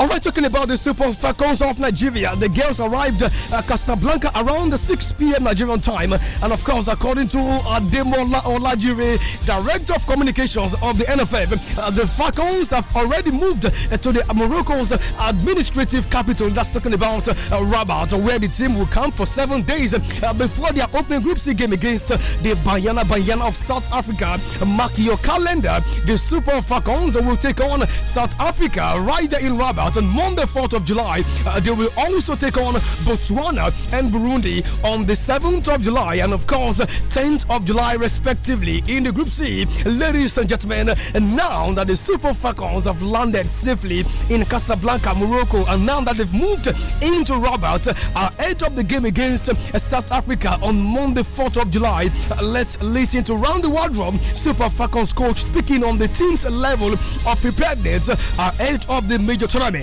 All right, talking about the Super Falcons of Nigeria, the girls arrived at Casablanca around 6 p.m. Nigerian time. And of course, according to Ademola Olajire, Director of Communications of the NFF, uh, the Falcons have already moved uh, to the Morocco's administrative capital. That's talking about uh, Rabat, where the team will camp for seven days uh, before their opening Group C game against the Bayana Bayana of South Africa. Mark your calendar. The Super Falcons will take on South Africa right there in Rabat on Monday, 4th of July. Uh, they will also take on Botswana and Burundi on the 7th of July and, of course, 10th of July, respectively. In the Group C, ladies and gentlemen, now that the Super Falcons have landed safely in Casablanca, Morocco, and now that they've moved into Rabat, uh, ahead of the game against South Africa on Monday, 4th of July, uh, let's listen to Round the Wardrobe Super Falcons coach speaking on the team's level of preparedness uh, ahead of the major tournament.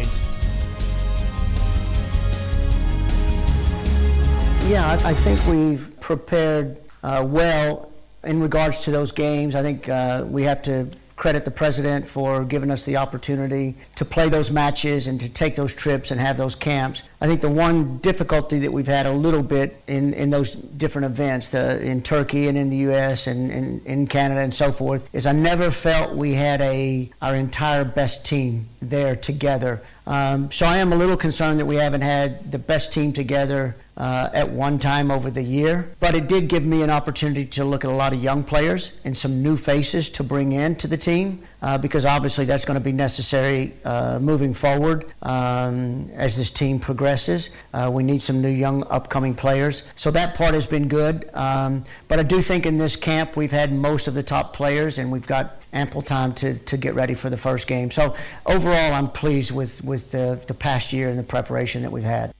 Yeah, I think we've prepared uh, well in regards to those games. I think uh, we have to credit the president for giving us the opportunity to play those matches and to take those trips and have those camps. I think the one difficulty that we've had a little bit in, in those different events, the, in Turkey and in the U.S. and in Canada and so forth, is I never felt we had a our entire best team there together. Um, so I am a little concerned that we haven't had the best team together uh, at one time over the year. But it did give me an opportunity to look at a lot of young players and some new faces to bring in to the team uh, because obviously that's going to be necessary uh, moving forward um, as this team progresses. Uh, we need some new young upcoming players. So that part has been good. Um, but I do think in this camp we've had most of the top players and we've got ample time to, to get ready for the first game. So overall, I'm pleased with, with the, the past year and the preparation that we've had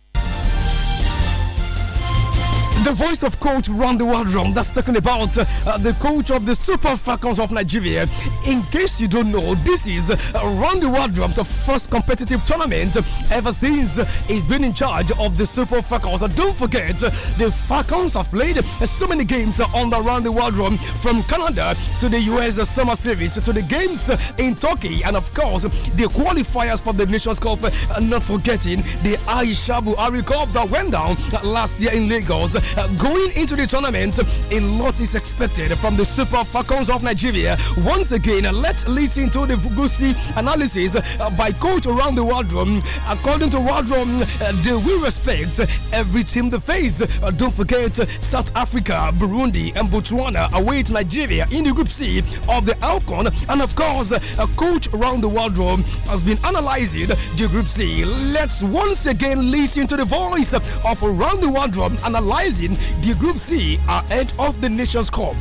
the voice of coach Randy Waldron. That's talking about uh, the coach of the Super Falcons of Nigeria. In case you don't know, this is uh, Randy Waldron's first competitive tournament ever since he's been in charge of the Super Falcons. don't forget, the Falcons have played so many games on the Randy Waldron from Canada to the US Summer Series to the games in Turkey and, of course, the qualifiers for the Nations Cup. Uh, not forgetting the Aishabu Ari Cup that went down last year in Lagos going into the tournament, a lot is expected from the Super Falcons of Nigeria. Once again, let's listen to the Vugusi analysis uh, by coach around the Wardroom. Um, according to Wardroom, um, uh, they will respect every team they face. Uh, don't forget South Africa, Burundi, and Botswana await Nigeria in the Group C of the Alcon. And of course, a coach around the Wardroom um, has been analyzing the Group C. Let's once again listen to the voice of around the Wardroom analyzing win, the Group C are of the Nations Cup.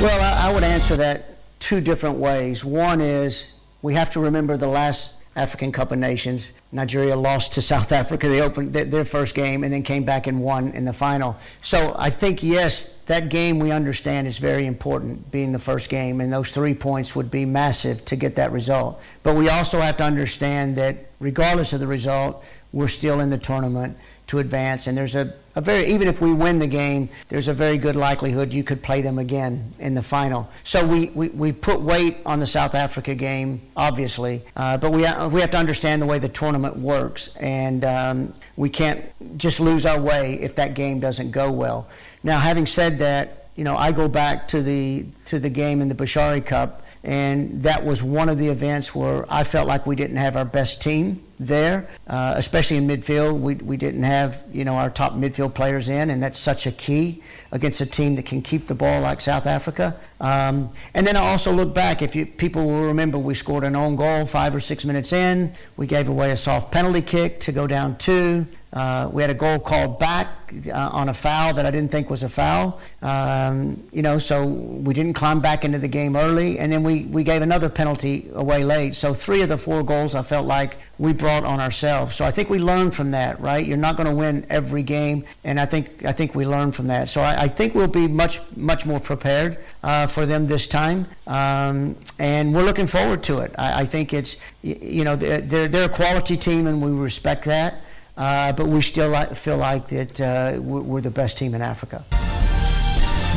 Well, I, I would answer that two different ways. One is we have to remember the last African Cup of Nations Nigeria lost to South Africa. They opened their first game and then came back and won in the final. So I think, yes, that game we understand is very important, being the first game, and those three points would be massive to get that result. But we also have to understand that regardless of the result, we're still in the tournament to advance. And there's a, a very, even if we win the game, there's a very good likelihood you could play them again in the final. So we, we, we put weight on the South Africa game, obviously, uh, but we, uh, we have to understand the way the tournament works. And um, we can't just lose our way if that game doesn't go well. Now, having said that, you know, I go back to the to the game in the Bashari Cup and that was one of the events where I felt like we didn't have our best team there, uh, especially in midfield. We, we didn't have you know our top midfield players in, and that's such a key against a team that can keep the ball like South Africa. Um, and then I also look back. If you, people will remember, we scored an own goal five or six minutes in. We gave away a soft penalty kick to go down two. Uh, we had a goal called back uh, on a foul that I didn't think was a foul. Um, you know, so we didn't climb back into the game early, and then we, we gave another penalty away late. So three of the four goals I felt like we brought on ourselves. So I think we learned from that, right? You're not going to win every game, and I think I think we learned from that. So I, I think we'll be much much more prepared uh, for them this time, um, and we're looking forward to it. I, I think it's you know they're they're a quality team, and we respect that. Uh, but we still feel like that uh, we're the best team in Africa.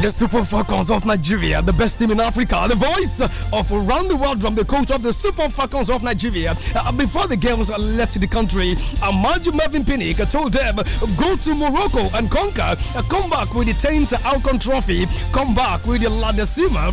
The Super Falcons of Nigeria, the best team in Africa, the voice of around the world from the coach of the Super Falcons of Nigeria. Uh, before the girls left the country, Amaju Mervin Pinnick told them, go to Morocco and conquer. Uh, come back with the 10th Alcon Trophy. Come back with the La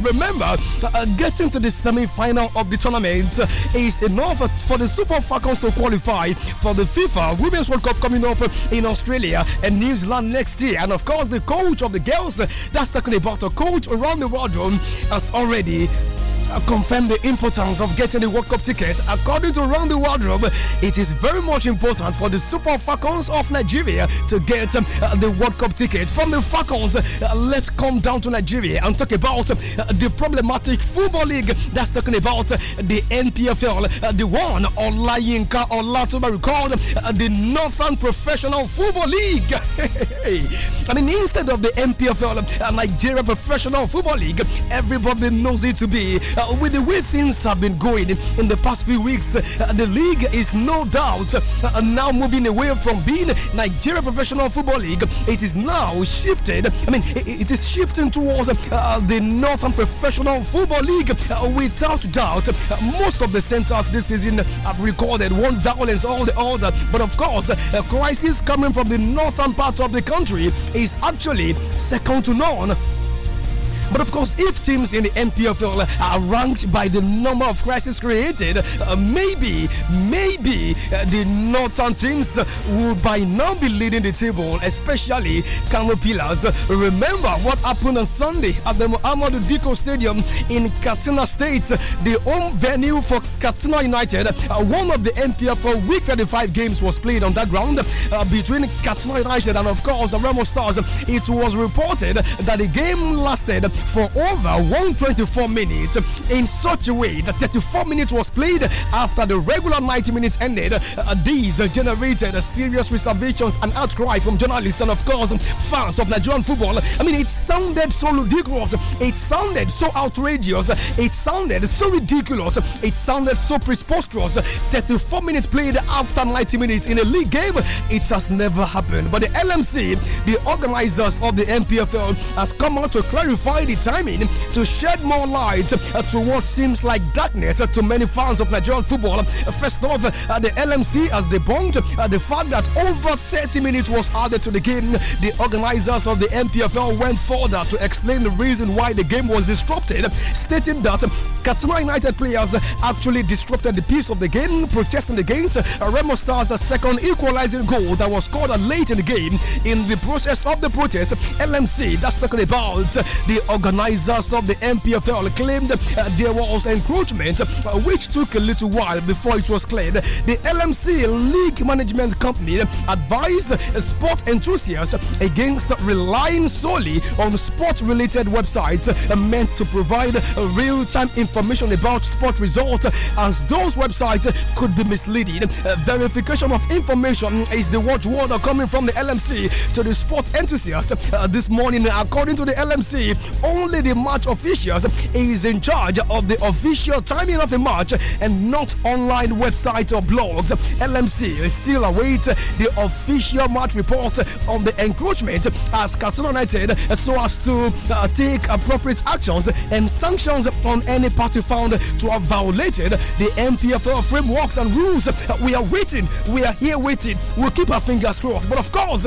Remember, uh, getting to the semi-final of the tournament is enough for the Super Falcons to qualify for the FIFA Women's World Cup coming up in Australia and New Zealand next year. And of course, the coach of the girls, that's the talking about a coach around the world as has already confirm the importance of getting the World Cup ticket. According to Round the Wardrobe, it is very much important for the Super Falcons of Nigeria to get uh, the World Cup ticket. From the Falcons, uh, let's come down to Nigeria and talk about uh, the problematic football league that's talking about uh, the NPFL, uh, the one Olayinka Olatuba recalled uh, the Northern Professional Football League. [LAUGHS] I mean, instead of the NPFL, Nigeria Professional Football League, everybody knows it to be uh, with the way things have been going in the past few weeks, uh, the league is no doubt uh, now moving away from being Nigeria Professional Football League. It is now shifted. I mean, it, it is shifting towards uh, the Northern Professional Football League uh, without doubt. most of the centers this season have recorded one violence all the other, but of course, a crisis coming from the northern part of the country is actually second to none but of course, if teams in the NPFL are ranked by the number of crises created, uh, maybe, maybe uh, the northern teams will by now be leading the table, especially Kano Pillars. Remember what happened on Sunday at the Muhammadu Diko Stadium in Katina State, the home venue for Katina United. Uh, one of the NPFL Week 35 games was played on that ground uh, between Katina United and, of course, Remo Stars. It was reported that the game lasted for over 124 minutes in such a way that 34 minutes was played after the regular 90 minutes ended. Uh, these generated serious reservations and outcry from journalists and, of course, fans of Nigerian football. I mean, it sounded so ludicrous. It sounded so outrageous. It sounded so ridiculous. It sounded so preposterous. 34 minutes played after 90 minutes in a league game. It has never happened. But the LMC, the organizers of the MPFL, has come out to clarify timing to shed more light uh, to what seems like darkness uh, to many fans of Nigerian football. Uh, first off, the LMC has debunked the fact that over 30 minutes was added to the game. The organizers of the MPFL went further to explain the reason why the game was disrupted, stating that Katsina United players actually disrupted the peace of the game, protesting against Remo Stars' second equalizing goal that was scored late in the game. In the process of the protest, LMC, that's talking about the organizers of the MPFL claimed uh, there was encroachment, uh, which took a little while before it was cleared. The LMC League Management Company advised uh, sport enthusiasts against relying solely on sport related websites meant to provide real time information about sport results, as those websites could be misleading. Verification of information is the watchword coming from the LMC to the sport enthusiasts this morning. According to the LMC, only the match officials is in charge of the official timing of a match and not online websites or blogs. LMC still await the official match report on the encroachment as Castle United so as to uh, take appropriate actions and sanctions on any party found to have violated the MPFL frameworks and rules. We are waiting. We are here waiting. We'll keep our fingers crossed. But of course,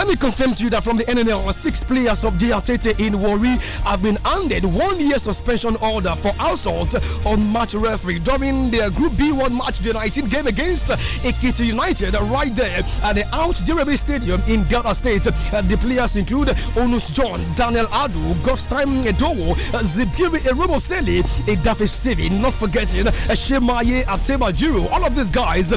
me confirm to you that from the NNL, six players of Diatete in Warri have been handed one year suspension order for assault on match referee during their Group B1 match, the 19 game against Ekiti United, right there at the Out Derby Stadium in Ghana State. The players include Onus John, Daniel Adu, Gostime Edowo, Zibiri Eromoseli, Edafe Stevie, not forgetting Shemaye Ateba Jiro. All of these guys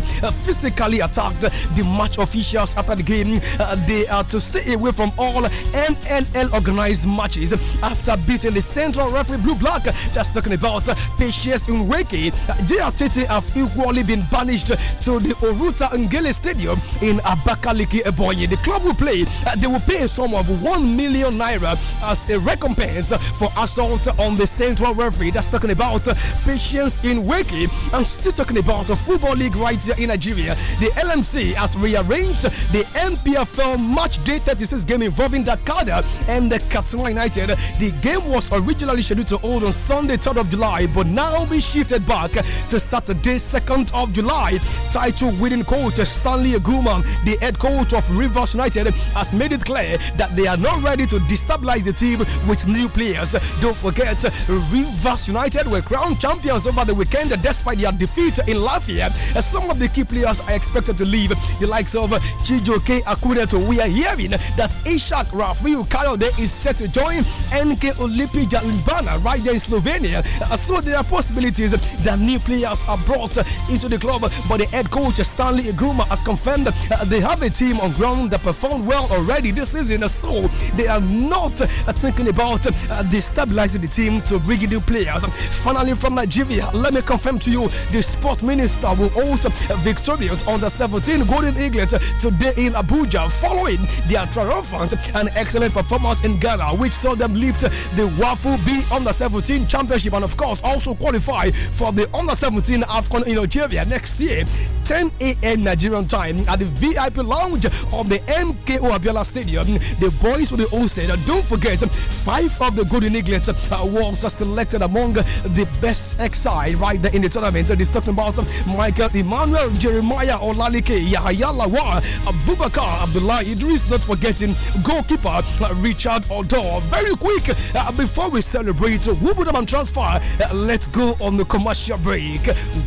physically attacked the match officials after the game. Uh, they are to stay away from all NNL organized matches after beating the Central Referee Blue Black. That's talking about Patience Unweke. JRTT have equally been banished to the Oruta Ngele Stadium in Abakaliki, Eboye. The club will play, uh, they will pay a sum of 1 million naira as a recompense for assault on the Central Referee. That's talking about Patience Unweke. I'm still talking about a football league right here in Nigeria. The LMC has rearranged the MPFL match match day 36 game involving Dakada and the Katsina United. The game was originally scheduled to hold on Sunday, 3rd of July, but now be shifted back to Saturday, 2nd of July. Title winning coach Stanley Aguma, the head coach of Rivers United, has made it clear that they are not ready to destabilize the team with new players. Don't forget, Rivers United were crowned champions over the weekend despite their defeat in Lafayette. Some of the key players are expected to leave, the likes of Chijoke Akureto. We are here hearing that Ishak Rafiu Kalode is set to join NK Olipi Ljubljana right there in Slovenia. Uh, so there are possibilities that new players are brought into the club, but the head coach Stanley Iguma has confirmed uh, they have a team on ground that performed well already this season. So they are not uh, thinking about destabilizing the team to bring in new players. Finally, from Nigeria, let me confirm to you the sport minister will also victorious on the 17 Golden Eagles today in Abuja following their triumphant and excellent performance in Ghana, which saw them lift the WAFU B Under 17 Championship and, of course, also qualify for the Under 17 AFCON in Nigeria next year, 10 a.m. Nigerian time at the VIP lounge of the MKO Abiola Stadium. The boys will be hosted. Don't forget, five of the Golden Eaglets was selected among the best XI right there in the tournament. It's talking about Michael Emmanuel, Jeremiah Olalike, Yahya Lawa, Abubakar Abdullah Idris please not forgetting goalkeeper Richard Odor. Very quick, uh, before we celebrate Wimbledon transfer, uh, let's go on the commercial break.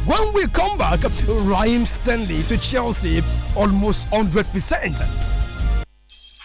When we come back, Ryan Stanley to Chelsea almost 100%.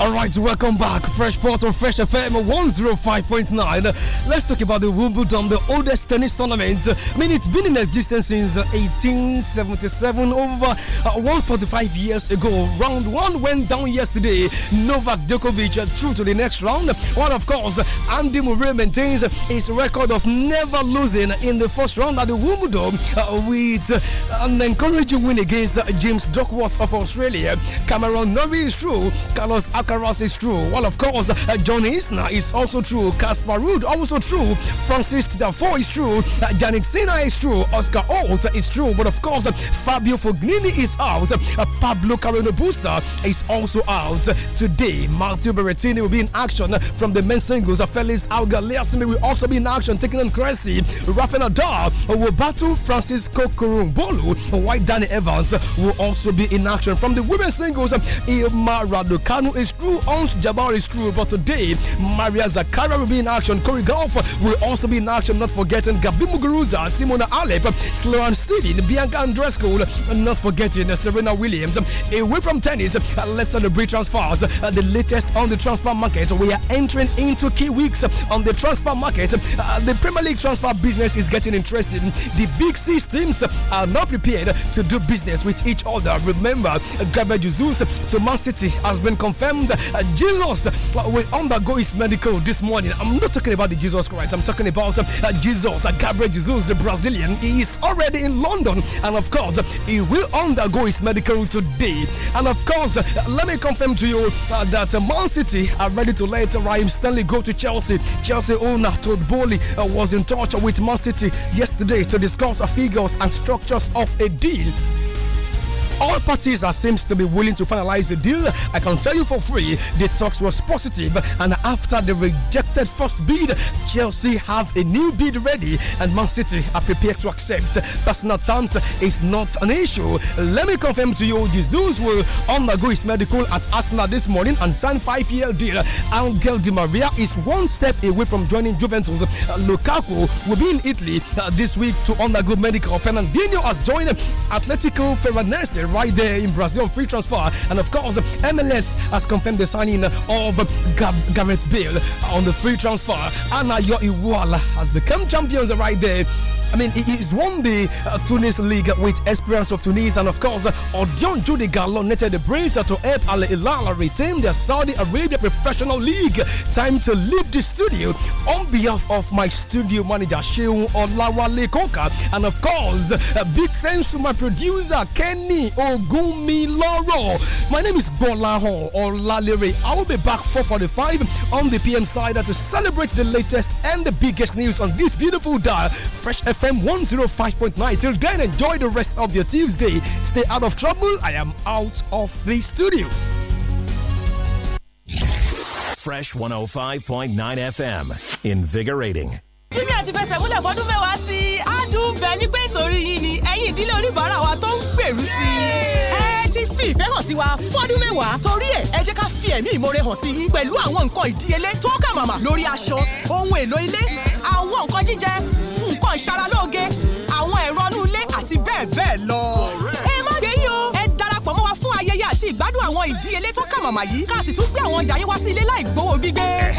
All right, welcome back. Fresh Port on Fresh FM 105.9. Let's talk about the Wimbledon, the oldest tennis tournament. I mean, it's been in existence since 1877, over uh, 145 years ago. Round one went down yesterday. Novak Djokovic through to the next round. Well, of course, Andy Murray maintains his record of never losing in the first round at the Wimbledon uh, with an encouraging win against James Duckworth of Australia. Cameron Norrie is through. Carlos Ak Alcaraz is true. Well, of course, uh, John Isner is also true. Caspar Ruud also true. Francis Tiafoe is true. Uh, Janik Sina is true. Oscar Holt is true. But of course, uh, Fabio Fognini is out. Uh, Pablo Carreno Busta is also out. Today, Matteo Berrettini will be in action from the men's singles. Uh, Felix will also be in action, taking on Cressy. Rafael Nadal will battle Francis Kokorumbolu. While Danny Evans will also be in action from the women's singles. Uh, Ilma Raducanu is who owns Jabari's crew. but today Maria Zakaria will be in action. Corey Golf will also be in action, not forgetting Gabi Muguruza, Simona Alep, Sloan Steven, Bianca Andrescu, not forgetting Serena Williams. Away from tennis, let's celebrate transfers. The latest on the transfer market, we are entering into key weeks on the transfer market. The Premier League transfer business is getting interesting. The big six teams are not prepared to do business with each other. Remember, Gabriel Jesus to Man City has been confirmed uh, Jesus uh, will undergo his medical this morning. I'm not talking about the Jesus Christ, I'm talking about uh, Jesus, uh, Gabriel Jesus, the Brazilian. He is already in London, and of course, uh, he will undergo his medical today. And of course, uh, let me confirm to you uh, that Man City are ready to let Raheem Stanley go to Chelsea. Chelsea owner Todd Bowley was in touch with Man City yesterday to discuss figures and structures of a deal all parties are seems to be willing to finalize the deal. I can tell you for free, the talks was positive, and after the rejected first bid, Chelsea have a new bid ready, and Man City are prepared to accept. Personal terms is not an issue. Let me confirm to you, Jesus will undergo his medical at Arsenal this morning and sign five-year deal. Angel Di Maria is one step away from joining Juventus. Lukaku will be in Italy uh, this week to undergo medical. Fernandinho has joined Atletico Ferranese right there in Brazil free transfer. And of course, MLS has confirmed the signing of Gab Gareth Bale on the free transfer. Anayo Iwala has become champions right there I mean, he is one day uh, Tunis League with experience of Tunis, and of course, uh, Odion Gallo Gallon netted the brace to help Al Hilal retain their Saudi Arabia Professional League. Time to leave the studio on behalf of my studio manager, Sheun Olawale Koka, and of course, uh, big thanks to my producer, Kenny Ogumiloro. My name is Bolaho Olalere. I will be back 4:45 on the PM side to celebrate the latest and the biggest news on this beautiful dial, Fresh F. FM 105.9. Till then, enjoy the rest of your Tuesday. Stay out of trouble. I am out of the studio. Fresh 105.9 FM. Invigorating. Jimmy àti fẹsẹ̀ múlẹ̀ fọdún mẹ́wàá sí i. Á dùn bẹ́ẹ̀ ni pé nítorí yín ni ẹ̀yin ìdílé oníbàárà wa tó ń gbèrú sí i. ti fi ìfẹ́ hàn sí wa fọdún mẹ́wàá. Torí ẹ̀ ẹ jẹ́ ká fi ẹ̀mí ìmoore hàn sí yín pẹ̀lú àwọn nǹkan ìdíyelé tó kà màmá lórí aṣọ, ohun èlò ilé, àwọn nǹkan jíjẹ, nǹkan ìṣaralóge, àwọn ẹ̀rọ inú ilé àti bẹ́ẹ̀ bẹ́ẹ̀ lọ. Ẹ má gbé yín o. Ẹ darapọ̀ mọ́ wa fún ayẹyẹ àti ìgbádùn àwọn ìdíyelé ayé tó kà màmá yìí ká sì tún gbé àwọn ọjà yín wá sí ilé láì gbowó gbígbé.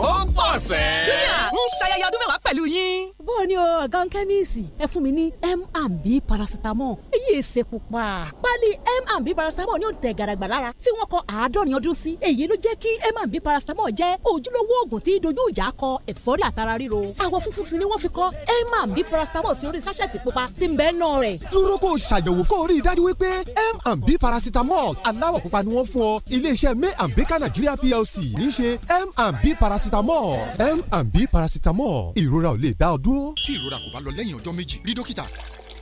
ó ń pọ̀ sẹ́. junior ń ṣayẹyẹ ọdún mẹ́wàá pẹ̀lú yín. bó o ní o ọ̀gá kẹ́míìsì ẹ fún mi ní M&B paracetamol èyí èsè pupa. pálí M&B paracetamol ní òǹtẹ̀ gàràgbà lára tí wọ́n kọ àádọ́rin ọdún sí. èyí ló jẹ́ kí M&B paracetamol jẹ́ ojúlówó oògùn tí dojú ìjà kọ ẹ̀fọ́rí àtara ríro. àwọ̀ funfun sì ni wọ́n fi kọ M&B paracetamol sí orí sáṣẹ̀tì pupa tí ń bẹ́ẹ̀ náà rẹ̀. dúró kó ṣàyẹ̀wò kó rí i dájú wípé M&B paracetamol aláwọ̀ pupa ni wọ́n fún iléeṣẹ́ may and baker nigeria plc ṣe m and b paracetamol m and b paracetamol ìrora ò lè dá ọ dúró. tí ìrora kò bá lọ lẹ́yìn ọjọ́ méjì rí dókítà.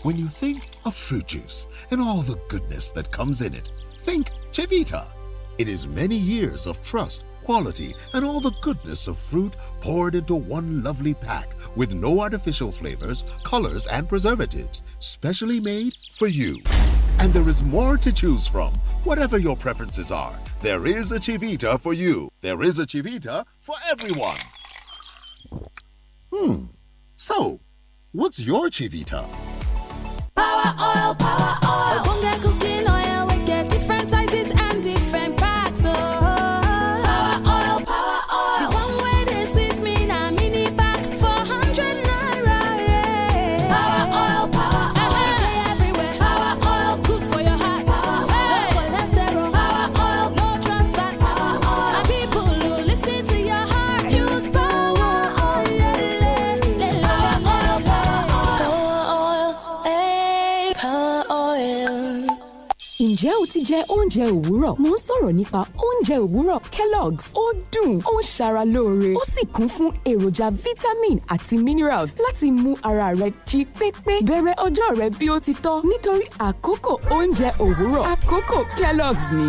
when you think of fruit juice and all the goodness that comes in it think chevita it is many years of trust quality and all the goodness of fruit poured into one lovely pack with no artificial flavors, colors, and preservatives, specially made for you. And there is more to choose from. Whatever your preferences are, there is a Chivita for you. There is a Chivita for everyone. Hmm. So, what's your Chivita? Power oil, power oil. ti jẹ oúnjẹ òwúrọ̀ mò ń sọ̀rọ̀ nípa oúnjẹ òwúrọ̀ Kellogg's ó dùn ó ń ṣara lóore ó sì kún fún èròjà vitamin àti minerals láti mú ara rẹ jí pépé bẹ̀rẹ̀ ọjọ́ rẹ bí ó ti tọ́ nítorí àkókò oúnjẹ òwúrọ̀ àkókò Kellogg's ni.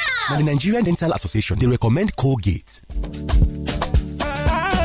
Now, the Nigerian Dental Association, they recommend Colgate. Ah,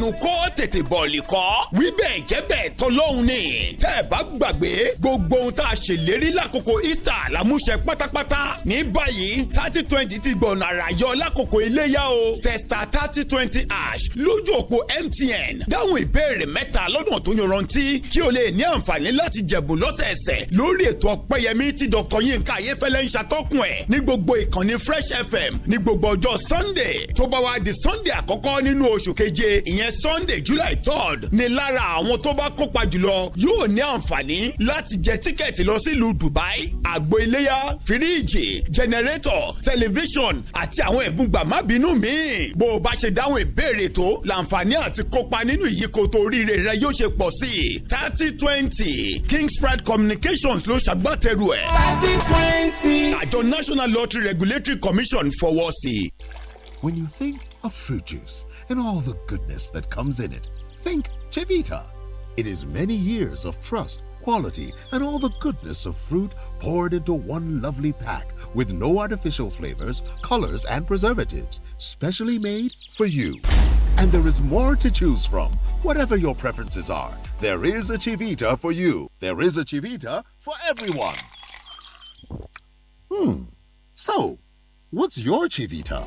ẹnu kó tètè bọ̀ lìkọ́ wí bẹ́ẹ̀ jẹ́ bẹ́ẹ̀ tọ́lọ́hún ni tẹ́ ẹ bá gbàgbé gbogbo ohun tá a ṣèlérí lákòókò Easter làmúṣẹ pátápátá ní báyìí thirty twenty ti gbọ̀nà àràyọ lákòókò iléyà o testa thirty twenty ash lójú òpó MTN dáhùn ìbéèrè mẹ́ta lọ́dún tó yanrantí kí o lè ní àǹfààní láti jẹ̀bùn lọ́sẹ̀ẹsẹ̀ lórí ètò ọ̀pẹ́yẹmí tí Dr. Yinka Ayéfẹ́lẹ́ ń ṣàtọ́kùn ẹ̀ ní gbogbo ìkànnì Fresh FM ní gbogbo ọjọ́ Sunday tó bá wá di Sunday àkọ́kọ́ nínú oṣù keje ìyẹn Sunday July third ni lára àwọn tó bá kópa jùlọ yóò ní àǹfààní láti jẹ tíkẹ́ẹ̀tì lọ sílùú Dubai àgbo iléyà fíríìjì jẹnẹrétọ̀ tẹlifíṣọ̀n àti àwọn ẹ̀bùn gbàmábínú míì bó o bá ṣe dáhùn ìbéèrè tó làǹfààní àti kópa nínú ìyíkoto oríire rẹ yóò ṣe pọ̀ sí i thirty twenty Kingspride Communications ló ṣàgbátẹrù ẹ̀. thirty twenty. àjọ National Lottery Regulatory Commission fọwọ́ sí i. When you think of fruit juice and all the goodness that comes in it. Think Chivita. It is many years of trust, quality, and all the goodness of fruit poured into one lovely pack with no artificial flavors, colors, and preservatives, specially made for you. And there is more to choose from. Whatever your preferences are, there is a Chivita for you. There is a Chivita for everyone. Hmm. So, what's your Chivita?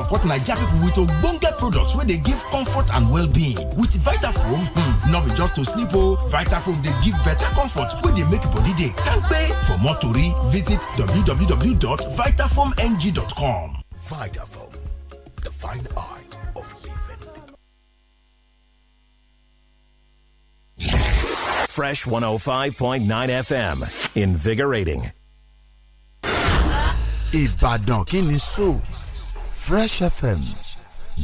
support naija pipo with ogbonge products where they give comfort and well-being with vitafoam hmm no be just to sleep oh vitafoam they give better comfort where they make body day. dey kampe for more to read. visit www.vitafoamng.com vitafoam the fine art of living fresh 105.9 fm invigorating Ìbàdàn kí ni so Fresh FM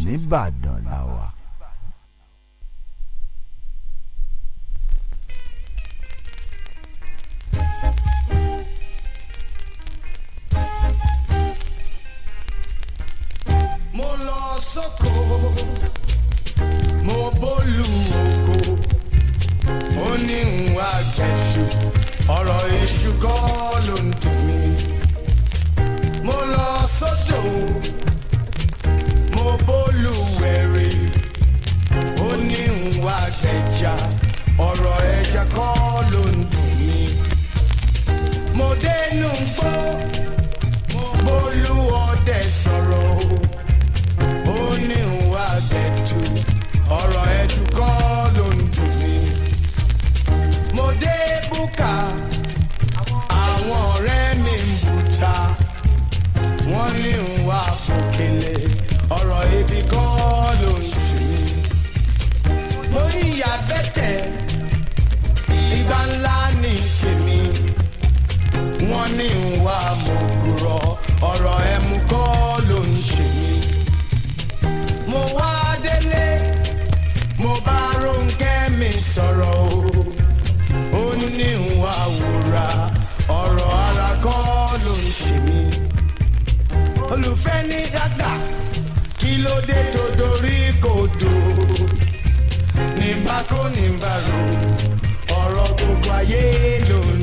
nìbàdàn la wà. mo lọ sóko mo bólú oko ó ní ìwà àgbẹ̀jù ọ̀rọ̀ iṣu kọ́ ló ń dùn mí mo lọ sódò. So bólúwẹ̀rẹ̀ ó ní ń wá gbẹ̀jà ọ̀rọ̀ ẹja kọ́ ló ń dùn mí. mo dénú gbó mo bólú ọdẹ sọ̀rọ̀ ó ní ń wá ọ̀rọ̀ gbígbá ńlá ní tèmi wọ́n ní ìwà mọ̀kúrọ̀ ọ̀rọ̀ ẹ̀mú kọ́ ló ń ṣe mí. mo wá délé mo bá Rónkẹ́ mi sọ̀rọ̀ o ó ní ìwà wúrà ọ̀rọ̀ ara kọ́ ló ń ṣe mí. olùfẹ́ ní dàgbà kí ló dé tó dorí kodò nígbà kó nígbà poco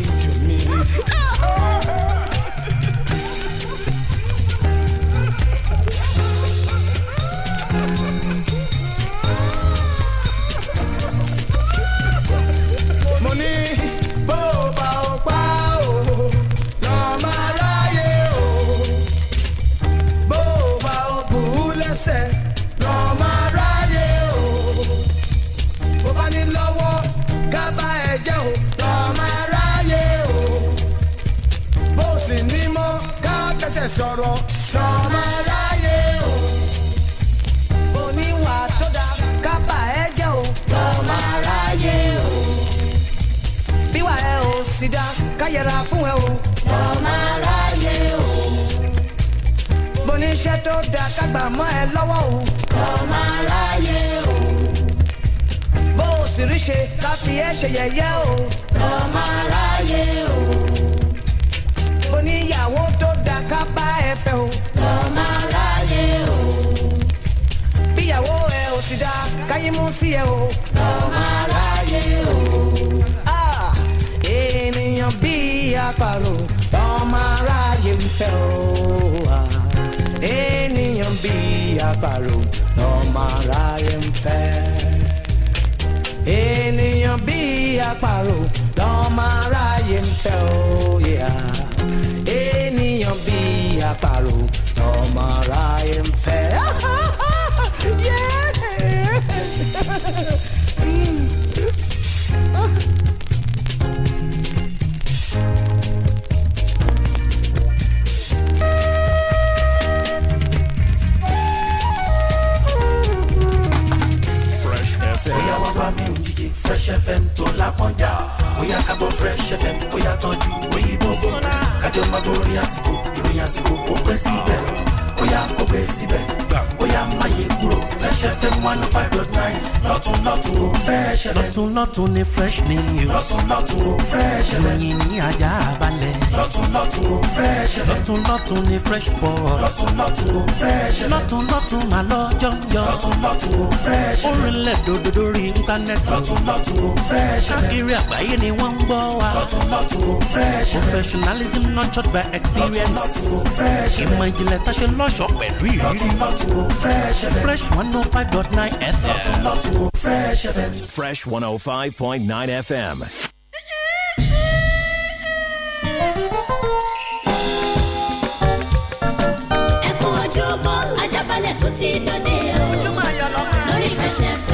gbà mọ́ ẹ lọ́wọ́ o. ọmọ aráyé o. bó o sì rí ṣe ká fi ẹ́ ṣe yẹ̀yẹ́ o. ọmọ aráyé o. mo tó da ká bá ẹ fẹ́ o. ọmọ aráyé o. bíyàwó ẹ ò ti da káyímú sí ẹ o. ọmọ aráyé o. Ah, ènìyàn bíi àparò. no Normal I am fair. Ènìyàn bí àparò lọ́ọ́ máa ráyè ń fẹ́ ó lápọ́njà bóyá kábọ̀ fresh fm bóyá tọ́jú òyìnbó bò kájọ má borí àsìkò ìròyìn àsìkò kò pẹ́ síbẹ̀ bóyá kò pẹ́ síbẹ̀ bóyá máyé kúrò fẹ́ fresh fm one five dot nine lọ́tún lọ́tún fresh fm. lọ́tún lọ́tún ni fresh news. lọ́tún lọ́tún fresh fm. ìròyìn ní ajá balẹ̀. lọ́tún lọ́tún fresh fm. lọ́tún lọ́tún ni fresh sport. lọ́tún lọ́tún ó fresh fm. lọ́tún lọ́tún mà lọ́jọ́ yọ. lọ́tún lọ́tún fresh fm. orinlẹ̀ dòdò lórí íńtánẹ́ẹ̀tì. lọ́tún lọ́tún fresh fm. káàkiri àgbáyé ni wọ́n ń gbọ́ wa. lọ́tún lọ́tún fresh fm. professionalism nurtured by experience. lọ́tún lọ́tún fresh fm. ìmọ̀ 105.9 FM. Fresh FM. Fresh 105.9 FM. ẹ kú ajábalẹ̀ tó ti dòde o lórí FM.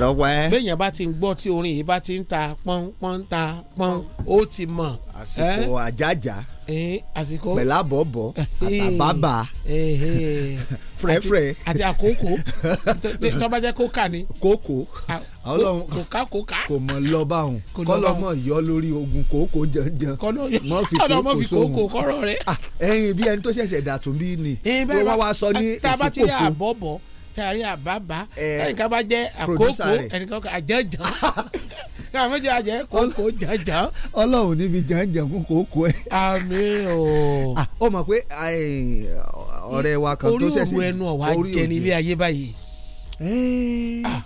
àdọ́wọ́ ẹ. béèyàn bá ti ń gbọ́ tí orin yìí bá ti ń ta pọ́npọ́n ta pọ́n ó ti mọ̀. àsìkò àjàjà àsìkò pẹ̀lábọ̀bọ̀ àtàbàbà fúrẹ́fúrẹ́. àti àkókò tó [LAUGHS] bá jẹ́ kókà ni. kókò ọlọ́run kòká kòká. kò mọ̀ lọ báwọn kọ́lọ́mọ yọ lórí ogun kòókò jẹjẹn mọ́ fi kòókò sóhun kọ́lọ́mọ fi kòókò kọ́rọ̀ rẹ̀. Ah, ẹyin bí ẹni tó ṣẹ̀ṣẹ̀ dàtún bí ni ló wá wá sọ ní ìfipòfo. tá a bá ti yà bọ̀bọ̀ tàrí àbábá ẹnìkan bá jẹ́ àkókò ẹnìkan kan àjẹjàn káà méjì àjẹ kókó jàǹjàǹ. ọlọ́run níbi jàǹjàǹ kún kókó ẹ. àmín o. Ah, ó mọ̀ pé ọ̀rẹ́ wa kan tó ṣẹ̀ṣẹ̀ orí òwe ẹnu ọ̀wá jẹ ní ilé ayé báyìí. Eh. Ah,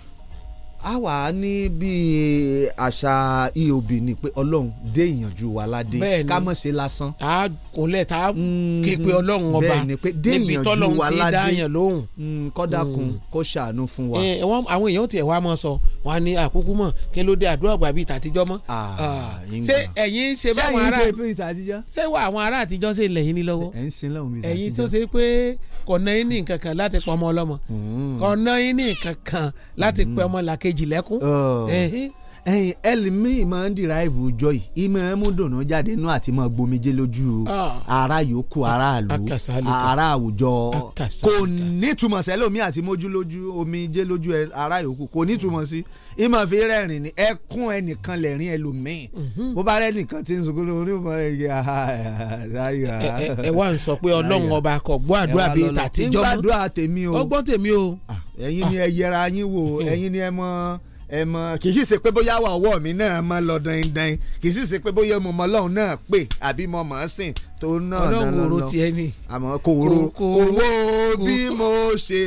a wà á ní bíi àṣà eob ni pé ọlọ́run dé ìyànjú wa ládé ká mọ̀ ṣe lásán. a kò lẹ̀ tá a pe mm-hmm. ọlọ́run ọba níbi tọ́lọ́run ti dá yàn lóhùn. Mm, kọ́dákun mm. kó ṣàánú fún wa. Eh, àwọn èèyàn tiẹ̀ wá mọ̀ sọ wọn á ní àkókò mọ̀ kí ló dé àdúrà gbà bíi tàtijọ́ mọ́. Ah, ṣé ẹ̀yin ṣe báwọn ará ṣé wà àwọn ará àtijọ́ ṣe lẹ́yìn ní lọ́wọ́ ẹ̀yin tó ṣe pé kọ̀nà yín ní nǹkan kan láti pọ̀ ọmọ ọlọ́mọ mm. kọ̀nà yín ní Edileco. Oh. Ah. ẹlẹ́mìí máa ń dìráìvù joy ìmọ̀ ẹ̀múdùnú jáde inú àti máa gbomijé lójú ah. ara yòókù aráàlú ara àwùjọ kò nítumọ̀ sẹ́lómi àti mójú lójú omijé lójú ara yòókù kò nítumọ̀ sí ìmọ̀ fi rẹ́rìn ni ẹkún ẹnìkan lẹ́rìn ẹlòmíì mhm. bó bá rẹ́ nìkan tí ń sunkún lórí ọmọ rẹ̀ yẹ ayọ̀. ẹ wá ń sọ pé ọlọ́run ọba kò gbọ́ àdúrà bíi tàtijọ́ ọgbọ́n tèmi o. Ah, ẹ̀yin ni ẹ yẹra yín wò mm. ẹ̀yin ni ẹ mọ̀ ẹ mọ kì í ṣe pé bóyá wà ọwọ́ mi náà mọ lọ dandan kì í ṣe pé bóyá mo mọ ọlọ́run náà pè àbí mo mọ̀ ọ́ sìn tó náà náà lọ ọlọ́run òru tiẹ̀ ni àmọ́ kòòrò kòòrò bí mo ṣe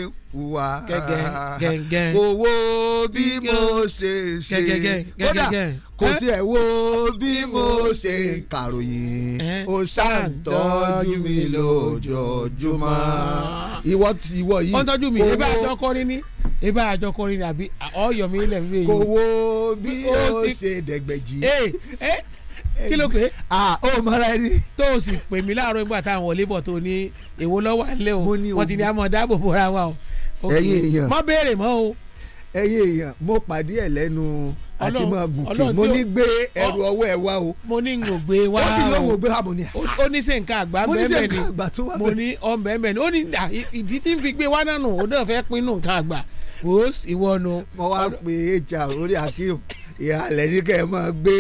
wà kòòrò bí mo ṣe ṣe kódà kò tiẹ̀ wo bí mo ṣe ń kàròyìn ó ṣàǹtọ́jú mi lójoojúmọ́ ìwọ ìwọ yìí ó ń tọ́jú mi ìbá àjọkọrin ni ìbá àjọkọrin ni àbí ọ̀yọ́ mi ilẹ̀ mi. kò wo bí ó ṣe dẹ̀gbẹ̀jì kí ló pé. a ó mọra ẹni. tó o sì pè mí láàárọ̀ nígbà táwọn wọlé bọ̀ tó ní èwo lọ́wọ́ alẹ́ o wọ́n ti ní àmọ́ dáàbò bora wa o. ẹ̀yin èèyàn mọ béèrè mọ o. ẹ̀yin èèyàn mo pàdé ẹ lẹ́nu àti máa gùnkè mo ní gbé ẹrù ọwọ́ ẹ wá o. mo ní ń gbé wá o. Ah. ó sì lóun ò gbé harmonia. ó ní sè nǹkan àgbà bẹ́ẹ̀ ni mo ní ọ̀bẹ̀ bẹ́ẹ̀ ni ó ní ah, ìdí tí ń fi gbé wá nánu ó dẹ̀ fẹ́ pinnu nǹkan àgbà wò ó sì wọnu. mo wá pe hr orí akim ìhàlẹ̀ ní kẹ́ ẹ máa gbé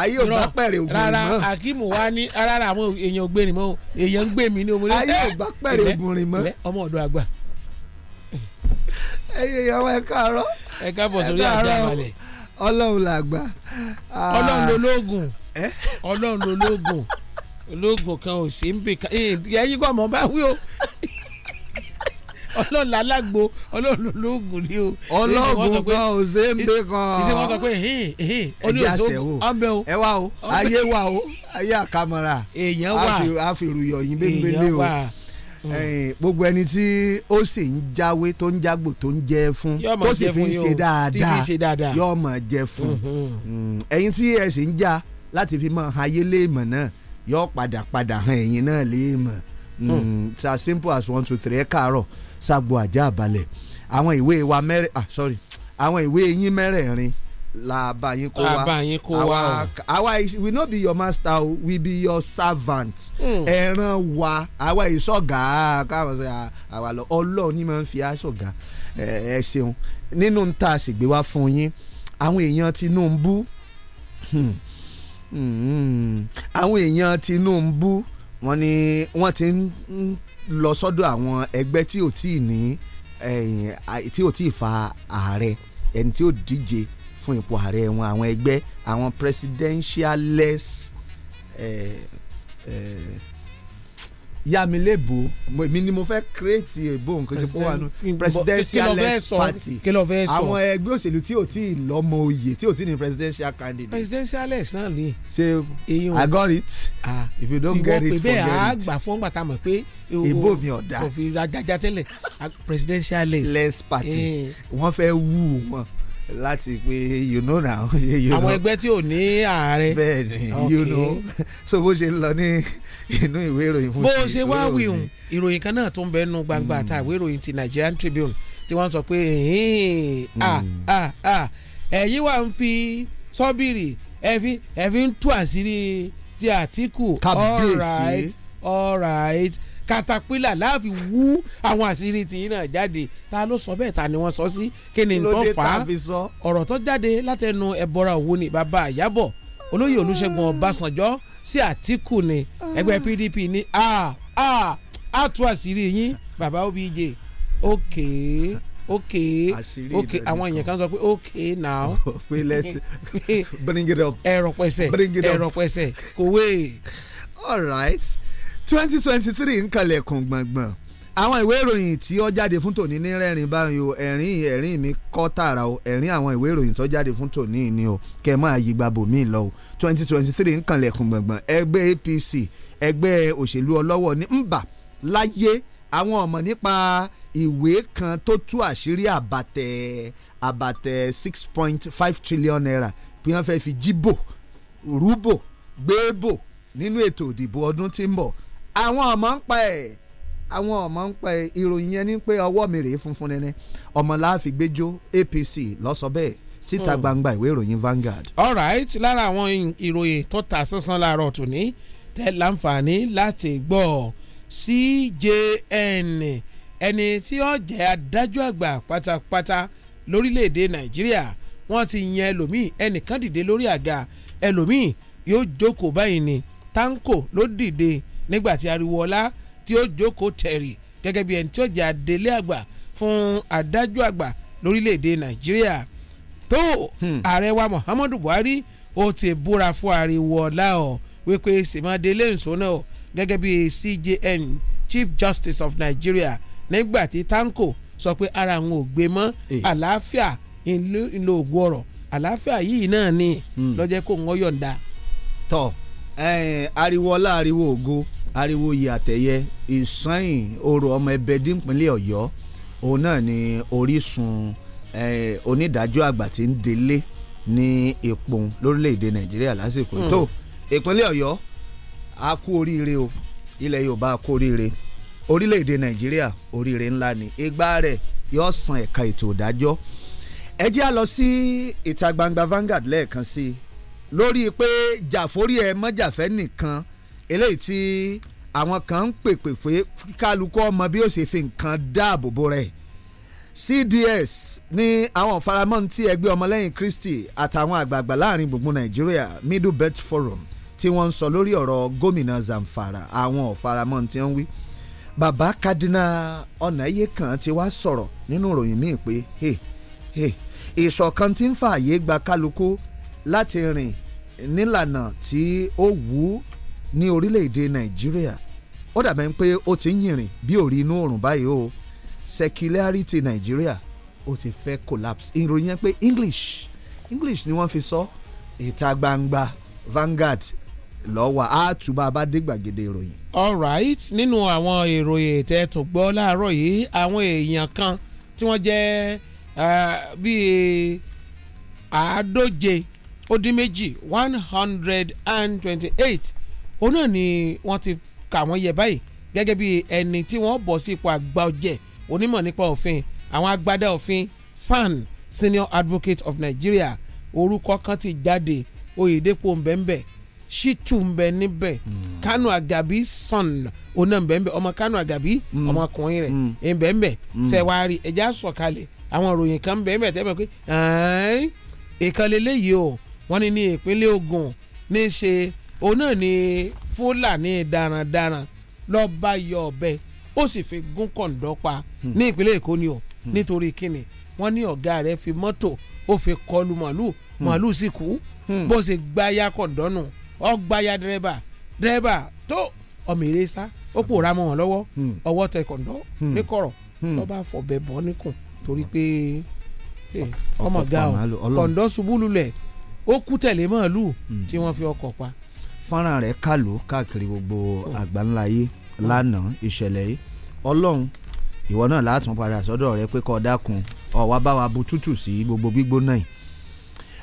ayé ò bá pẹ̀rẹ̀ ògùn rìn mọ́. rárá Akeem wa ní rárá àwọn èèyàn ò gbé rìn mọ́ o èèyàn ń gbé mi ní omori. ayé ò eh, bá pẹ̀rẹ̀ ògùn rìn mọ́. ọmọ ọ̀dọ́ àgbà. [LAUGHS] ẹyẹ ìyàwó ẹ káàárọ̀ ẹ káàbọ̀ sórí àjà balẹ̀. ọlọ́run làgbà. ọlọ́run lológun ọlọ́run lológun ológun kan ò sí ń bì kan eh, ẹ̀yìn kọ́ mọ̀ bá wí o ọlọ́run alágbo ọlọ́run lóògùn ni o. ọlọ́gùn kan ò ṣe é mbé kan. ìṣe wọn sọ pé hìn hìn oní òṣò ọbẹ̀ o. ẹ wá o ayé wa o ayé àkàmọ́ra èèyàn wà á fi ruyọ̀ yín bẹ́ẹ̀ o mm. gbogbo ẹni tí ó sì ń jáwé tó ń jágbò tó ń jẹ fún tó sì fi ń ṣe dáadáa yóò máa jẹ fún mm-hmm. mm, ẹ̀yin tí ẹ sì ń já láti fi mọ ayé léèmọ̀ náà yóò padà padà hàn ẹ̀yin náà léèmọ̀ mm. it's as simple as one two three ẹ káàárọ̀ ságbo àjà àbálẹ̀ àwọn ìwé wa mẹ́rẹ̀ ah sorry àwọn ìwé yín mẹ́rẹ̀ẹ̀rin la bá yín kó wa àwa àwa we no be your master o we be your servant ẹ̀ràn mm. wa àwa ìṣọ̀gá káwọn sọ ah, àwa lọ ọlọ́ọ̀ ni máa ń fi aṣọ̀gá ẹ ṣeun nínú ń ta àṣègbè wa fún yín àwọn èèyàn Tinubu hmm, hmm, hmm, àwọn èèyàn Tinubu wọ́n ní wọ́n ti ń lọ sọ́dọ̀ àwọn ẹgbẹ́ tí ò tí ì ní tí ò tí ì fa ààrẹ ẹni tí ò díje fún ipò ààrẹ wọn àwọn ẹgbẹ́ àwọn presidentialist. Eh, eh, yá mi lébo mi ni mo fẹ́ create èbó nǹkan tí kò wà nù presidentialist party àwọn ẹgbẹ́ òṣèlú tí ò tí ì lọ́mọ oyè tí ò tí ì ní presidential candidate. presidentialist náà ni. ṣe i got it ah. if you don't get it forget it. ìwọ pé bẹ́ẹ̀ àgbà fún gbàtà mọ̀ pé èbó mi ọ̀dà kò fi ajájá tẹ́lẹ̀ presidentialist. less parties eh. wọ́n fẹ́ wú wọn láti pé you know now. [LAUGHS] àwọn ẹgbẹ́ tí ò ní ààrẹ. bẹ́ẹ̀ ni you know so bó ṣe ń lọ ní [LAUGHS] inú ìwé ìròyìn fún ti bó ṣe wá wíhùn ìròyìn kan náà tó ń bẹ nínú gbangba hmm. àtàwé ìròyìn ti Nigerian Tribune tí wọ́n sọ pé hmm. ẹ̀yin wà ń fi sọ́bìrì ẹ̀fín ń tú àṣírí ti Àtíkù all right all right katapila láàfin wú àwọn àṣírí tìyín náà jáde ta ló sọ bẹ́ẹ̀ ta ni wọ́n sọ sí kí ni tó fà á ọ̀rọ̀ tó jáde látẹnu ẹ̀bọra òwò ni bàbá àyàbọ̀ olóyè Olúṣẹ́gun Ọbásanjọ́ sí Àtíkù ni ẹgbẹ́ ah. PDP ní a a a tú àṣírí yín bàbá Obíje ókè ókè ókè àwọn èèyàn kan sọ pé ókè now [LAUGHS] [LAUGHS] ẹ̀rọ pẹ̀sẹ̀ kò wé. all right twenty twenty three ń kalẹ̀ kùn gbọ̀ngbọ̀n àwọn ìwé ìròyìn tí ó jáde fún tòní ní rẹ́rìn báyìí o ẹ̀rín ẹ̀rín mi kọ́ tààrà o ẹ̀rín àwọn ìwé ìròyìn tó jáde fún tòní ni o kẹ́ ẹ máa yí gbàbọ̀ mí lọ o twenty twenty three ń kànlẹ̀kùn gbọ̀ngbọ̀n ẹgbẹ́ APC ẹgbẹ́ òṣèlú ọlọ́wọ́ ní mbà láyé àwọn ọmọ nípa ìwé kan tó tú àṣírí àbàtẹ̀ àbàtẹ̀ six point five trillion naira bí wọ́n fẹ́ fi jíbò rúbò gbébò nínú ètò ìdìbò ọdún tí ń bọ̀ àwọn ọmọ ń pa ẹ̀ àwọn ọmọ ń pẹ ìròyìn yẹn ni pé ọwọ́ mi rèé funfun nínú ọmọ láàfin gbẹjọ APC lọ́sọ bẹ́ẹ̀ síta hmm. gbangba ìwé ìròyìn Vanguard. all right lára àwọn ìròyìn tó ta sánsán láàárọ̀ tòní tẹ́ láǹfààní láti gbọ́ CJN ẹni tí ó jẹ́ adájọ́ àgbà pátápátá lórílẹ̀‐èdè Nàìjíríà wọ́n ti yan ẹlòmíì ẹnìkan dìde lórí àga ẹlòmíì yóò jókòó báyìí ni tanko ló dìde nígbà tí ariwo ọlá tí ó jókòó tẹ̀rì gẹ́gẹ́ bí ẹni tí ó jẹ́ adelé àgbà fún adájọ́ àgbà lórílẹ̀‐èdè nàìjíríà tó hmm. ààrẹ wa muhammadu buhari ó ti búra fún ariwo ọ̀la ọ̀ wípé sèmọ́délé nsọ́nà ọ̀ gẹ́gẹ́ bí CJN Chief Justice of Nigeria nígbà tí Tanko sọ pé ara àwọn ò gbé mọ́ eh. àlàáfíà ìlú ògùn ọ̀rọ̀ àlàáfíà yìí náà ni hmm. lọ́jẹ́ kó ń yọ̀ǹda. tọ́ ariwo ọlá ariwo ògo ariwo yìí àtẹ̀yẹ ìsanyìn orò ọmọ ẹbẹ dínpínlẹ̀ ọ̀yọ́ òun náà ni orísun onídàájọ́ àgbà tí ń délé ní ìpon lórílẹ̀‐èdè nàìjíríà lásìkò hmm. tó ìpínlẹ̀ ọ̀yọ́ a kú oríire o ilẹ̀ yorùbá a kú oríire orílẹ̀‐èdè nàìjíríà oríire ńlá ni igbá rẹ̀ yóò san ẹ̀ka ètò ìdájọ́ ẹ jẹ́ a lọ sí ìta gbangba Vanguard lẹ́ẹ̀kan sí i lórí pé jàforí ẹ mọ́jàfẹ́ nìkan eléyìí tí àwọn kan ń pèpè pé kálukú ọmọ bí ó ṣe fi nǹkan dáàbò bo rẹ̀ CDS ní àwọn faramọ́ tí ẹgbẹ́ ọmọlẹ́yìn Kristi àtàwọn àgbààgbà láàrin gbùngbùn Nàìjíríà Middle Belt Forum tí wọ́n ń sọ lórí ọ̀rọ̀ gómìnà Zamfara àwọn ọ̀faramọ́ tí wọ́n wí bàbá kadina ọ̀nàyẹ̀kan ti wá sọ̀rọ̀ nínú ìròyìn míì pé ìṣọ̀kan tí ń fààyè gba kálukú láti rìn nílànà tí ó wù ú ní orílẹ̀-èdè nàìjíríà ó dàbẹ̀ ń pé ó ti ń yìnrìn bí òrí inú òrùn báyìí o secularity nàìjíríà ó ti fẹ́ collapse ìròyìn yẹn pé english english ni wọ́n fi sọ ìta gbangba Vanguard lọ́wọ́ àtúbà bá dé gbàgede ìròyìn. alright nínú àwọn ìròyìn tẹ́ tó gbọ́ láàárọ̀ yìí àwọn èèyàn kan tí wọ́n jẹ́ bíi àádóje ó dín méjì one hundred and twenty eight òun náà ni wọ́n ti kà wọ́n yẹ báyìí gẹ́gẹ́ bí ẹni tí wọ́n bọ̀ sí ipò àgbà ọ̀jẹ̀ onímọ̀ nípa òfin àwọn agbádá òfin SAN Senior Advocate of Nigeria orúkọ kan ti jáde Oyèdèpọ̀ mbẹ́mbẹ́ Shitu mbẹ hmm. Kanu Agabi son oná mbẹ́mbẹ́ ọmọ Kanu Agabi hmm. ọmọkùnrin rẹ̀ hmm. mbẹ́mbẹ́ sẹ́wárí ẹ̀já sọ̀kalẹ̀ àwọn ìròyìn kan mbẹ́mbẹ́ tẹ́lẹ̀ pé ẹ̀ẹ́n ìkànnì lẹ́yìn o wọ́n ní ní ìpínlẹ̀ Ògùn ní í ṣe òun náà ni fúlàní darandaran lọ bá yọ ọ̀bẹ ó sì fi gún kọ̀ǹdọ́ pa hmm. ní ìpínlẹ̀ èkó ni o hmm. nítorí kíni wọ́n ní ọ̀gá rẹ̀ fi mọ́tò ó fi kọlu màálù hmm. màálù sì kú bó ṣe gbáyà kọ̀ǹdọ́ nù ó gbáyà dẹ́rẹ́bà dẹ́rẹ́bà tó ọmọ eré sá ó pòórá mọ́ wọn lọ́wọ́ ọwọ́ tẹ kọ̀ǹdọ́ níkọ̀rọ̀ lọ́ba fọ̀bẹ̀ bọ́ níkùn torí pé eh, ọmọ ga ọ kọ̀ǹdọ́ ṣubú ó kú tẹ̀lé màálù tí wọ́n fi ọkọ̀ pa fọ́nrán rẹ̀ kàlù káàkiri gbogbo àgbáńlá yìí lánàá ìṣẹ̀lẹ̀ yìí ọlọ́run ìwọ náà látún padà sọ́dọ̀ rẹ pé kó dákun ọ̀wá bá wa bu tútù sí gbogbo gbígbóná yìí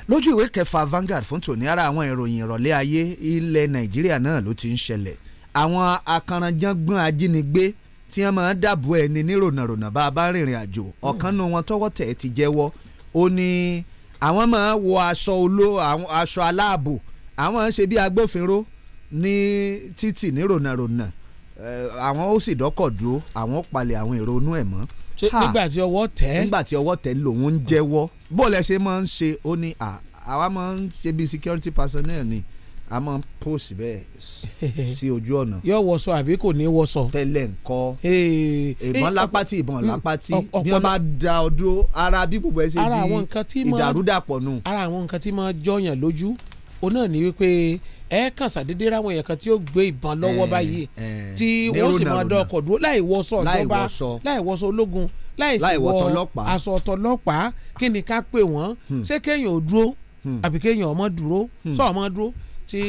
lójú ìwé kẹfà Vanguard fún tòní ara àwọn ìròyìn ìrọ̀lẹ́ ayé ilẹ̀ Nàìjíríà náà ló ti ń ṣẹlẹ̀ àwọn akaranjangbọ́n ajínigbé tí wọ́n máa ń dàbò ẹni nírònàrònà bá a bá rìnrìn àjò ọ̀kan nínú wọn tọwọ́ tẹ̀ ti jẹ́wọ́ ó ní àwọn máa wọ aṣọ oló aṣọ aláàbò àwọn ṣe bí agbófinró ní títì ní rònàrònà àwọn ó sì dọ́kọ̀ dúró àwọn ó palẹ̀ àwọn èrò inú ẹ̀ mọ́. ṣé nígbà tí ọwọ́ tẹ́. nígbà tí ọwọ́ tẹ́ lòun ń jẹ́wọ́ bóòlù ẹ ṣe máa ń ṣe ó ní àwa máa ń ṣe bí security personnel ni a máa ń post bẹ́ẹ̀ sí ojú ọ̀nà. yóò wọṣọ àbí kò ní wọṣọ. tẹ́lẹ̀ ńkọ́ ìbọn lápátì ìbọn hmm, lápátì bí wọ́n bá da ọdún ara bí gbogbo ẹ ṣe di ìdàrúdàpọ̀ nù. ara àwọn nǹkan tí máa jọyàn lójú òun náà ní wípé ẹ kàn sàdédé ráwọn èèyàn kan tí ó gbé ìbọn lọ́wọ́ eh, báyìí eh, tí wọ́n sì máa dán ọkọ̀ dúró láì wọṣọ ìjọba láì wọṣọ ológun láì sì wọ aṣọ ọ̀tọ̀lọ́pàá kí ni ká pè wọ́n hmm. ṣé kéèyàn ò dúró hmm. àbí kéèyàn ọmọ dúró sọ hmm. ọmọ dúró tí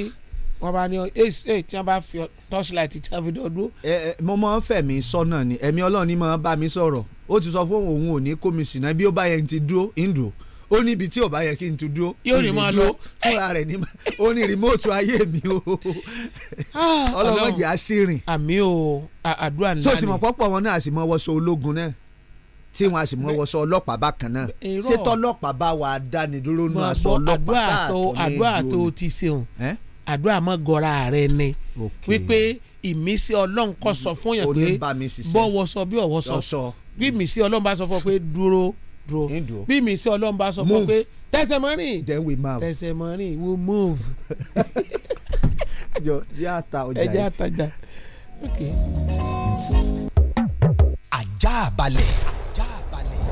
wọ́n bá ní ẹ eh, tí wọ́n bá fi torchlight tí wọ́n fi dán dúró. mo máa ń fẹ̀mí sọ́nà ni ẹ̀mí ọlọ́run ni máa bá mi sọ̀rọ̀ ó ti sọ fún òun ò ní kó mi ó bá yẹn ti dúró ń dúró ó ní ibi tí ò bá yẹ kí n tún dúró yóò ní máa lọ fúnra rẹ̀ ní ó ní rìmóòtù ayé mi o ah, ọlọ́mọdé àṣírìn. àmì o àdúrà ńlá ni. sọ́sìmọ̀ pọ́pọ̀ wọn náà àsìmọ́ wọṣọ ológun náà tí wọn sì mọ wọṣọ ọlọ́pàá bákan náà ṣé tọlọ́pàá bá wa dánidúró nù aṣọ ọlọ́pàá sáà tó ní ìlú àdúrà tó ti ṣeun àdúrà mọ gọra rẹ ni wípé ìmísí Ọlọ́run kọ́ sọ fún yàn pé bọ́ wọṣọ bí ọ̀wọ́sọ bí ìmísí Ọlọ́run bá sọ fún ọ pé dúró dúró bí mi sí ọlọ́run bá sọ fún pé tẹsẹ̀ mọ́ rìn tẹsẹ̀ mọ́ rìn we move. [LAUGHS] jọ jẹ́ ata ọjà yìí ẹ jẹ́ ata ọjà okay. ajá balẹ̀. ajá balẹ̀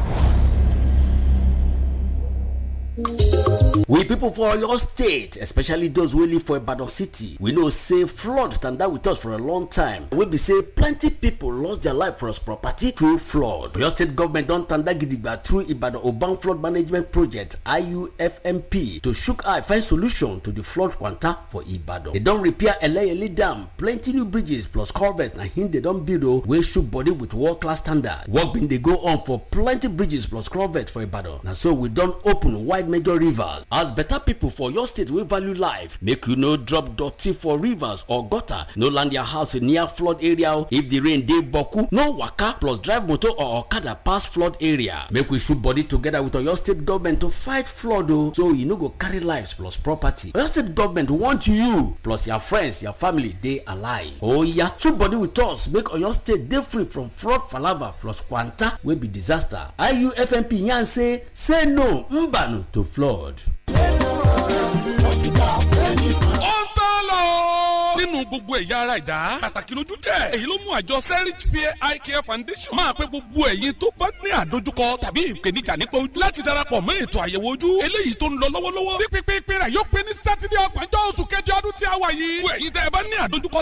we people for oyo state especially those wey live for ibadan city we know say flood standa with us for a long time wey be say plenty people lost their life for us property through flood oyo state government don tanda gidigba through ibadan oban flood management project iufmp to shook eye find solution to the flood kwanta for ibadan They don repair eleyele dam plenty new bridges plus culvert, na him they don build o wey shook body with world class standard work bin dey go on for plenty bridges plus culvert for ibadan na so we don open wide major rivers as better people for your state wey value life make you no drop dirty for rivers or gutter no land your house near flood area if the rain dey boku no waka plus drive motor or okada pass flood area make we shoot body together with oyo state government to fight flood o so you no go carry lives plus property oyo state government want you plus your friends your family dey alive oya shoot body with us make oyo state dey free from flood palava plus kwanta wey be disaster iufmp yarn say say no mbanu to flood. Let's go. nínú gbogbo ẹ̀yà ara ìdá. pàtàkì lójú tẹ̀. èyí ló mú àjọ serich peer eye care foundation máa pé gbogbo ẹ̀yin tó bá ní àdójúkọ tàbí ìpèníjà nípa ojú láti darapọ̀ mọ́ ètò àyẹ̀wò ojú eléyìí tó ń lọ lọ́wọ́lọ́wọ́. tí rẹ̀ yóò pé ní sátidé ọgbọ̀njọ́ oṣù kẹjọ ọdún tí a wà yìí. gbogbo ẹ̀yin tẹ́ bá ní àdójúkọ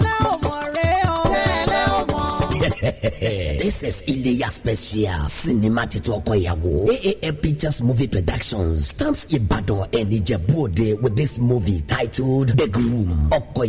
[LAUGHS] this is Iléyá special sinima titun ọkọ ìyàwó AAM Pictures movie productions stamps Ibadan and Ijebu-Ode with this movie titled The Groom ọkọ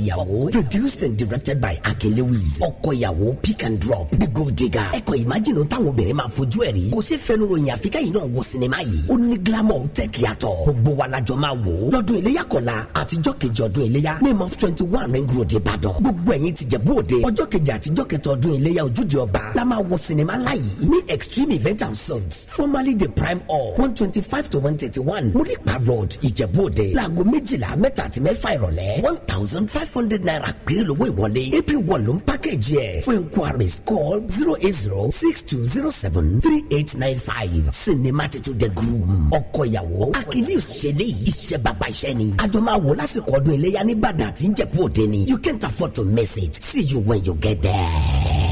produced and directed by Ake Lewis ọkọ pick and drop The Gold Digger ẹ̀kọ́ ìmájìnà táwọn obìnrin máa fojú ẹ̀ rí kò ṣe fẹnu ròyìn àfikà yìí náà wo cinema. yìí ó ní glamour tẹ̀kì àtọ̀ gbogbo wa lajọ máa wò ó lọ́dún Iléyá kọ̀la àtijọ́ kejì ọdún Iléyá may month twenty one ring road Ìbàdàn gbogbo ẹ̀yin tìjẹ̀bú-Òde ọjọ́ kejì àtijọ́ kẹtọ̀ ọdún Iléyá ojú àbújá ọba la máa wo sinimá láyé ní extreme event and sons. formerly the prime hall one twenty five to one thirty one muripa road ìjẹ̀bú-òde láago méjìlá mẹ́ta àti mẹ́fà ìrọ̀lẹ́ one thousand five hundred naira péré lówó ìwọlé april one ló ń pákéjì ẹ̀ fún inquiries call zero eight zero six two zero seven three eight nine five Cinema titun the groom ọkọ ìyàwó akilius ṣẹlẹ̀ iṣẹ́ bàbá iṣẹ́ ni àjọ máa wò lásìkò ọdún iléyà ní ìbàdàn àti ìjẹ̀bú-òde ni you can't afford to miss it see you when you get there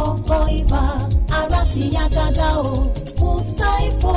ọkọ̀ ibà ara ti yá gágá o mustapho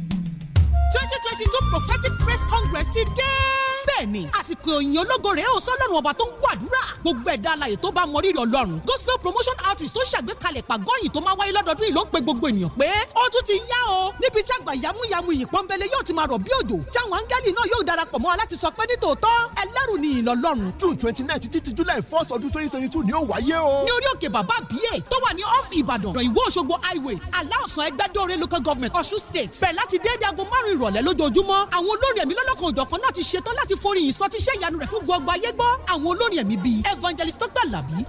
twenty twenty two prophetic press congress today. bẹ́ẹ̀ ni àsìkò ìyìn ológo rèé o sọ́lọ́run ọba tó ń gbàdúrà gbogbo ẹ̀dá alàyè tó bá mọrírì ọlọ́run gospel promotion outreach tó ṣàgbékalẹ̀ pàgọ́yìn tó máa wáyé lọ́dọọdún yìí ló ń pe gbogbo ènìyàn pé ó tún ti yá o níbi tí àgbà yamuyamu yìí pọ́nbélé yóò ti máa rọ̀ bí òjò tí àwọn áńgẹ́lì náà yóò darapọ̀ mọ́ láti sọ pé nítòótọ́ ẹlẹ́rù ni ìlọlọ́run. june twenty nine títí july first ọdún twenty ni o. ní orí òkè bàbá bíyè tó wà ní ọ́fì ìbàdàn ìwé òṣogbo highway aláọ̀sán ẹgbẹ́dọ̀rẹ́ local government ọ̀ṣun state bẹ̀rẹ̀ láti déédéé aago márùn-ún ìrọ̀lẹ́ lójoojúmọ́ àwọn olórin ẹ̀mí lọ́lọ́kan òjọ̀kan náà ti ṣetán láti fo akọrin yìí sọ ti ṣe ìyanu rẹ̀ fún gbogbo ayé gbọ́ àwọn olórin ẹ̀mí bíi evangelist tọ́gbà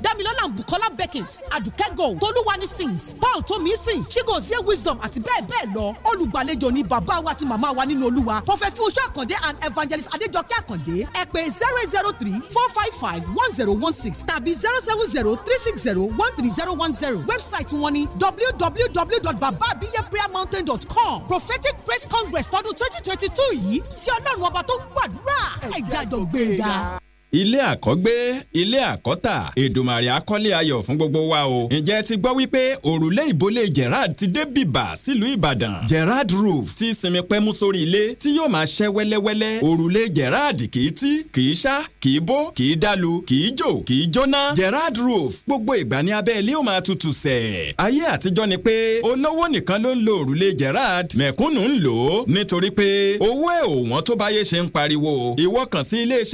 damilọ́lá bukola beckins àdùkẹ́ gold tolúwani sings paul Tomisi. chigozie wisdom àti bẹ́ẹ̀ bẹ́ẹ̀ lọ olùgbàlejò ni bàbá wa àti màmá wa nínú olúwa prophet fúnṣọ́ àkàndé and evangelist adéjọkẹ́ àkàndé ẹ pè zero zero three four five five one zero one six tàbí zero seven zero three six zero one three zero one zero wẹ́bsáìtì wọn ni www.babaabiyeprayermountain.com prophetic praise congress tọdún twenty twenty two yìí sí ọlọ́run ọba tó ń gbàdúrà. ajá jọ gbé e ga. ilé àkọ́gbé ilé àkọ́tà Èdùmàrè akọ́lé ayọ̀ fún gbogbo wa o. ǹjẹ́ ti gbọ́ wípé òrùlé ìbólé Gerard ti dé bìbà sílùú Ìbàdàn Gerard roof ti sinmi pẹ́mú sórí ilé tí yóò máa ṣẹ́ wẹ́lẹ́wẹ́lẹ́ òrùlé Gerard kì í tí ṣá kì bó kì í dalu jò kì jóná Gerard roof gbogbo ìgbà ní abẹ́ ilé ó máa tutù sẹ̀. ayé àtijọ́ ni pé olówó nìkan ló ń lo òrùlé Gerard mẹ̀kúnnù ń lò ó nítorí pé owó ẹ̀ òwọ́n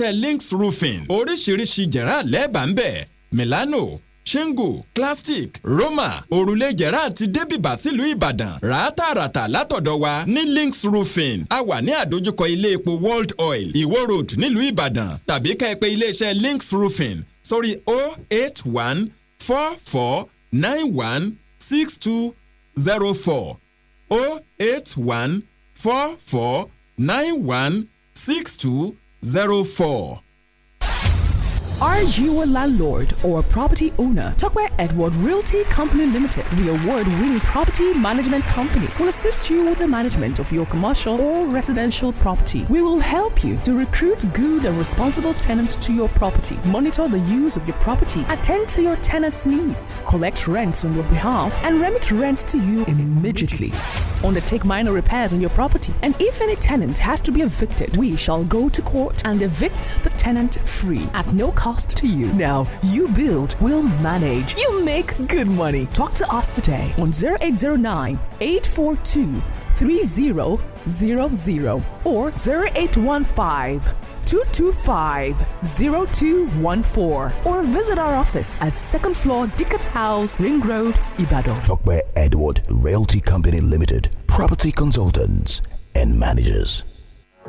Links roofing roofing oríṣiríṣi jẹ̀rá lẹ́ẹ̀bà ń bẹ̀ Milano shingle plastic roma òrùlé jẹ̀rá àti débìbà sílùú ìbàdàn ràátàràtà látọ̀dọ̀ wa ní links roofing a wà ní àdójúkọ ilé epo world oil ìwó road nílùú ìbàdàn tàbí ká ẹ pè iléeṣẹ́ links roofing sórí oh zero four Are you a landlord or property owner? Tuckware Edward Realty Company Limited, the award winning property management company, will assist you with the management of your commercial or residential property. We will help you to recruit good and responsible tenants to your property, monitor the use of your property, attend to your tenants' needs, collect rents on your behalf, and remit rents to you immediately. Undertake minor repairs on your property, and if any tenant has to be evicted, we shall go to court and evict the tenant free at no cost cost to you. Now, you build, we'll manage, you make good money. Talk to us today on 0809 842 3000 or 0815 225-0214 or visit our office at second floor Dickett House, Ring Road, Ibadan. Talk by Edward Realty Company Limited, property consultants and managers.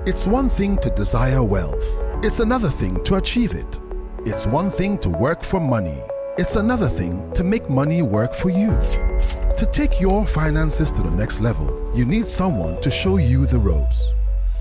It's one thing to desire wealth. It's another thing to achieve it. It's one thing to work for money. It's another thing to make money work for you. To take your finances to the next level, you need someone to show you the ropes.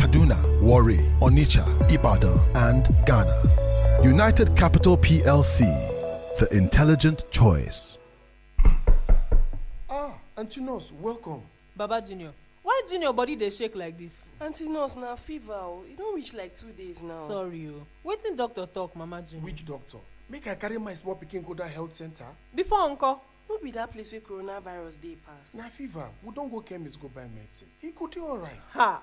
Kaduna, Warri, Onitsha, Ibadan, and Ghana. United Capital PLC, the intelligent choice. Ah, Auntie welcome. Baba Junior, why Junior body they shake like this? Auntie now fever, it don't reach like two days now. Sorry, you. Waiting doctor talk, Mama Junior. Which doctor? Make I carry my small pikin go that health center. Before uncle. no be that place with coronavirus day pass na fever we don't go chemist go buy medicine He could dey alright ha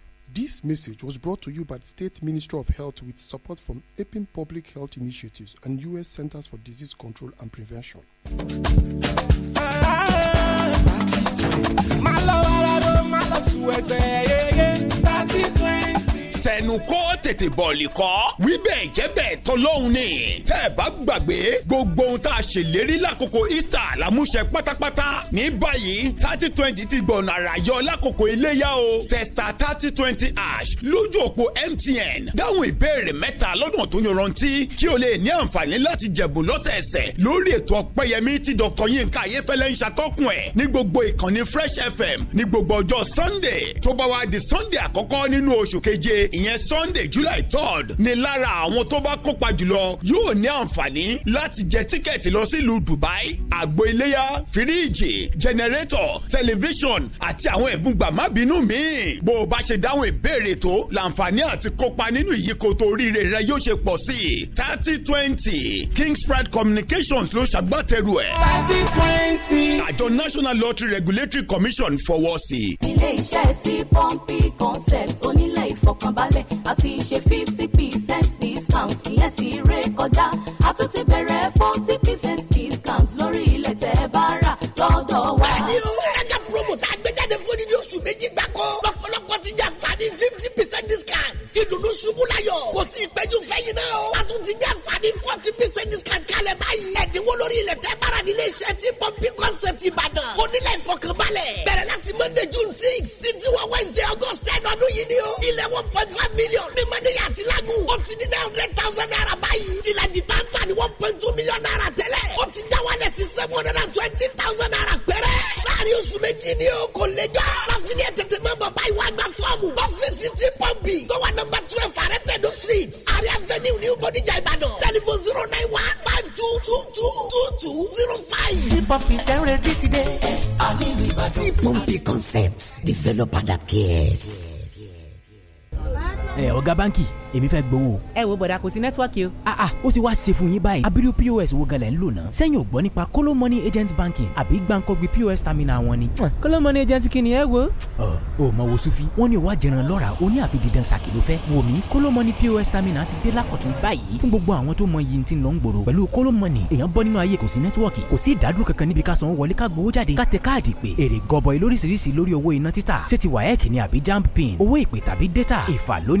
This message was brought to you by the State Ministry of Health with support from APIN Public Health Initiatives and U.S. Centers for Disease Control and Prevention. Ah, ah, ah. ẹnu kó tètè bọ̀ọ̀lì kọ́ wí bẹ́ẹ̀ jẹ́ bẹ́ẹ̀ tọ́lọ́hún ni tẹ́ ẹ bá gbàgbé gbogbo ohun tá a ṣèlérí lákòókò Easter làmúṣẹ pátápátá ní báyìí thirty twenty ti gbọ̀nà àràyọ lákòókò iléyà o testa thirty twenty ash lójú òpó MTN dáhùn ìbéèrè mẹ́ta lọ́dún tó yanrantí kí o lè ní àǹfààní láti jẹ̀bùn lọ́sẹ̀ẹsẹ̀ lórí ètò ọ̀pẹ́yẹmí tí Dr. Yinka Ayéfẹ́lẹ́ ń ṣàtọ́kùn ẹ̀ ní gbogbo ìkànnì Fresh FM ní gbogbo ọjọ́ Sunday tó bá wá di Sunday àkọ́kọ́ nínú oṣù keje ìyẹn sunday july third ni lára àwọn tó bá kópa jùlọ yóò ní àǹfààní láti jẹ tíkẹ́ẹ̀tì lọ sílùú dubai àgbo iléyà fíríìjì jẹnẹrétọ̀ tẹlifíṣọ̀n àti àwọn ẹ̀bùn gbàmábínú míì bó o bá ṣe dáhùn ìbéèrè tó làǹfààní àti kópa nínú ìyíkoto oríire rẹ yóò ṣe pọ̀ sí i thirty twenty kingspride communications ló ṣàgbátẹrù ẹ̀. thirty twenty. àjọ national lottery regulatory commission fọwọ́ sí i. ilé iṣẹ́ ti pọ́ǹpì concept onílẹ̀ ìfọkànbalẹ̀ a ti ṣe fifty percent discount ìyẹn ti ré kọjá a tún ti bẹ̀rẹ̀ forty percent discount lórí ilẹ̀ tẹ́ bá rà lọ́dọ̀ wa. ẹni o ẹja promo tá a gbé j fódìdí oṣù méjì gbáko lọ́pọ̀lọpọ̀ ti jẹ́ àǹfààní fifty percent discount ìdùnnú ṣubú láyọ̀ kò tí ì péjú fẹ́yìn náà o a tún ti jẹ́ àǹfààní forty percent discount kalẹ̀ báyìí ẹ̀dínwó lórí ilẹ̀ tẹ́ bára nílé iṣẹ́ tí pọ́ńpì concept ìbàdàn onílẹ̀ ìfọkànbalẹ̀ bẹ̀rẹ̀ láti monday june six sí tiwọn wednesday august ten ọdún yìí ni o ilẹ̀ one point five million ní mọ́ndéyà àti lágùn ó ti di nine hundred thousand naira báyìí tìlàjì táǹtà ní one point two million naira tẹ́lẹ̀ ó ti já wálẹ̀ sí seven hundred and twenty thousand naira pẹ́rẹ́ láàrin oṣù méjì ni o kò lè jọ yá. láfíní ẹ̀ tètè máa bọ̀ báyìí wá gba fọ́ọ̀mù. ọ́fíìsì ti pọ́ǹpì tó wà nọ́mbà twelve àrẹ́tẹ̀dọ̀ street àrẹ avenue ní bọ́díjà ìbàdàn tẹlifon zero nine one five two two two two two zero five. ti pọ́ǹpì tẹ́ ń retí ti dé. ẹ a nílùú ìbàdàn. ti pọ́ǹpì concept developer that cares. ẹ ọ̀gá báǹkì èmi fẹ́ gbowó. ẹ wo bọ̀dà kò sí nẹ́tíwọ́ọ̀kì o. a ah, a ah, ó ti wá ṣe fún yín báyìí abiru pos wo gẹlẹ̀ ń lò náà. sẹ́yìn ò gbọ́ nípa kóló mọ́ni agent banking àbí gbàǹkọ́gbì pos terminal wọn ni. kóló mọ́ni agent kí ni ẹ wo. ọ ò mọ wo sufi wọn ni wàá jẹran lọ́ra o ní àfi didan ṣàkì ló fẹ́. wò kóló mọ́ni pos terminal ti dé lákọ̀tún báyìí fún gbogbo àwọn tó mọ iye tí ń lọ ń gbòòrò pẹ̀lú kóló mọ́ni èèyàn bọ́ nínú ayé kò sí nẹ́tíwọ́ọ̀kì kò sí ìdádúró kankan níbi ká sanwó wọlé ká gbowó jáde ká data ìfà lóní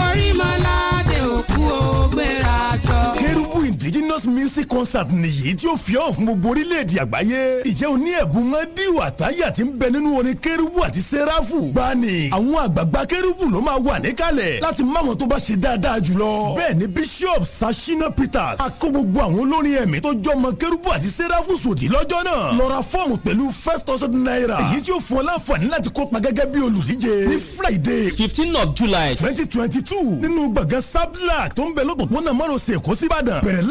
orí mọ́ládé òkú ó sọ indigenous music concert nìyí tí ó fi hàn fún gbogbo orílẹ̀-èdè àgbáyé. ìjẹ́ o ní ẹ̀bùn mọ́díwò àtàyà tí ń bẹ nínú orin kérúbù àti sẹ́ráfù. gbani àwọn àgbààgbà kérúbù ló máa wà níkàlẹ̀ láti má wọn tó bá ṣe dáadáa jùlọ. bẹ́ẹ̀ ni bishop sashina peters akó gbogbo àwọn olórin ẹ̀mí tó jọmọ kérúbù àti sẹ́ráfù sòdì lọ́jọ́ náà. lọ fọ́ọ̀mù pẹ̀lú five thousand naira. èyí tí ó fún ọ láǹfààní láti kópa gẹ́gẹ́ bí olùdíje ní friday of july twenty twenty two nínú gbọ̀ngàn sablak tó ń bẹ lọ́pọ̀pọ̀nà márosẹ̀ èkó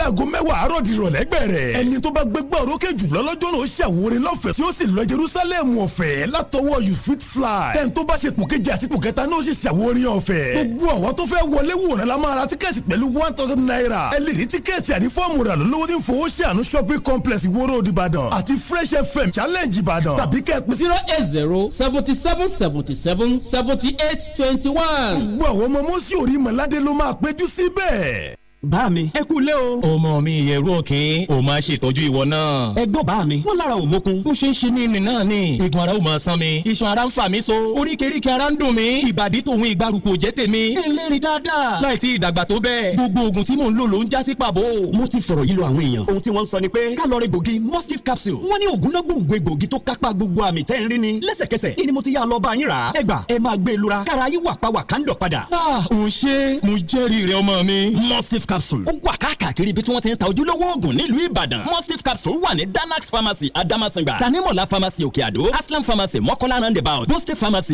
láago mẹ́wàá àárọ̀ di ìrọ̀lẹ́ gbẹ̀rẹ̀ ẹni tó bá gbégbá òrókè jùlọ lọ́jọ́ náà ó ṣàwòrán lọ́fẹ̀ẹ́ tí ó sì lọ Jerusalem ọ̀fẹ́ látọwọ́ you fit fly tẹ́ni tó bá ṣe pò kejì àti pò kẹta náà ó sì ṣàwòrán ọ̀fẹ́ gbogbo àwọn tó fẹ́ wọlé wòran la máa ra tíkẹ́ẹ̀tì pẹ̀lú one thousand naira ẹ lè rí tíkẹ́ẹ̀tì àní fọ́ọ̀mù rà lọ́wọ́ shopping complex ìwòrò ìbàdàn àti fresh fm challenge ìbàdàn tàbí zero eight zero seventy seven seventy seven seventy eight twenty one. gbogbo àwọn ọmọ mọ́sí orí mọ̀ládé ló bá mi ẹ kú lé o. ọmọ mi ìyẹ̀rú òkè o máa ṣètọ́jú ìwọ náà. ẹ gbọ́ bá mi wọ́n lára ò mókun. ó ṣe ń ṣe ní ìrìn náà ni. igun ara ò máa san mi iṣan ara ń fà mí so oríkèéríkèé ara ń dùn mí ìbàdí tòun ìgbàrú kò jẹ́ tèmi. ẹlẹ́rìí dáadáa láìsí ìdàgbà tó bẹ́ẹ̀. gbogbo oògùn tí mò ń lò ló ń já sí pàbó. mo ti fọ̀rọ̀ yìí lọ àwọn èèyàn. ohun tí wọ́n sọ ni pé kálọ̀rì e lura kára yín wà pa ah ò ṣe mo jẹ́rìí capsule. ó wà káàkiri ibi tí wọ́n ti ń ta ojúlówó oògùn nílùú Ìbàdàn. mustif capsule wà ní Danax pharmacy Adamasingba. Tanimola pharmacy Òkè Àdó. Aslam pharmacy Mọ́kọ́lá roundabout. Boste pharmacy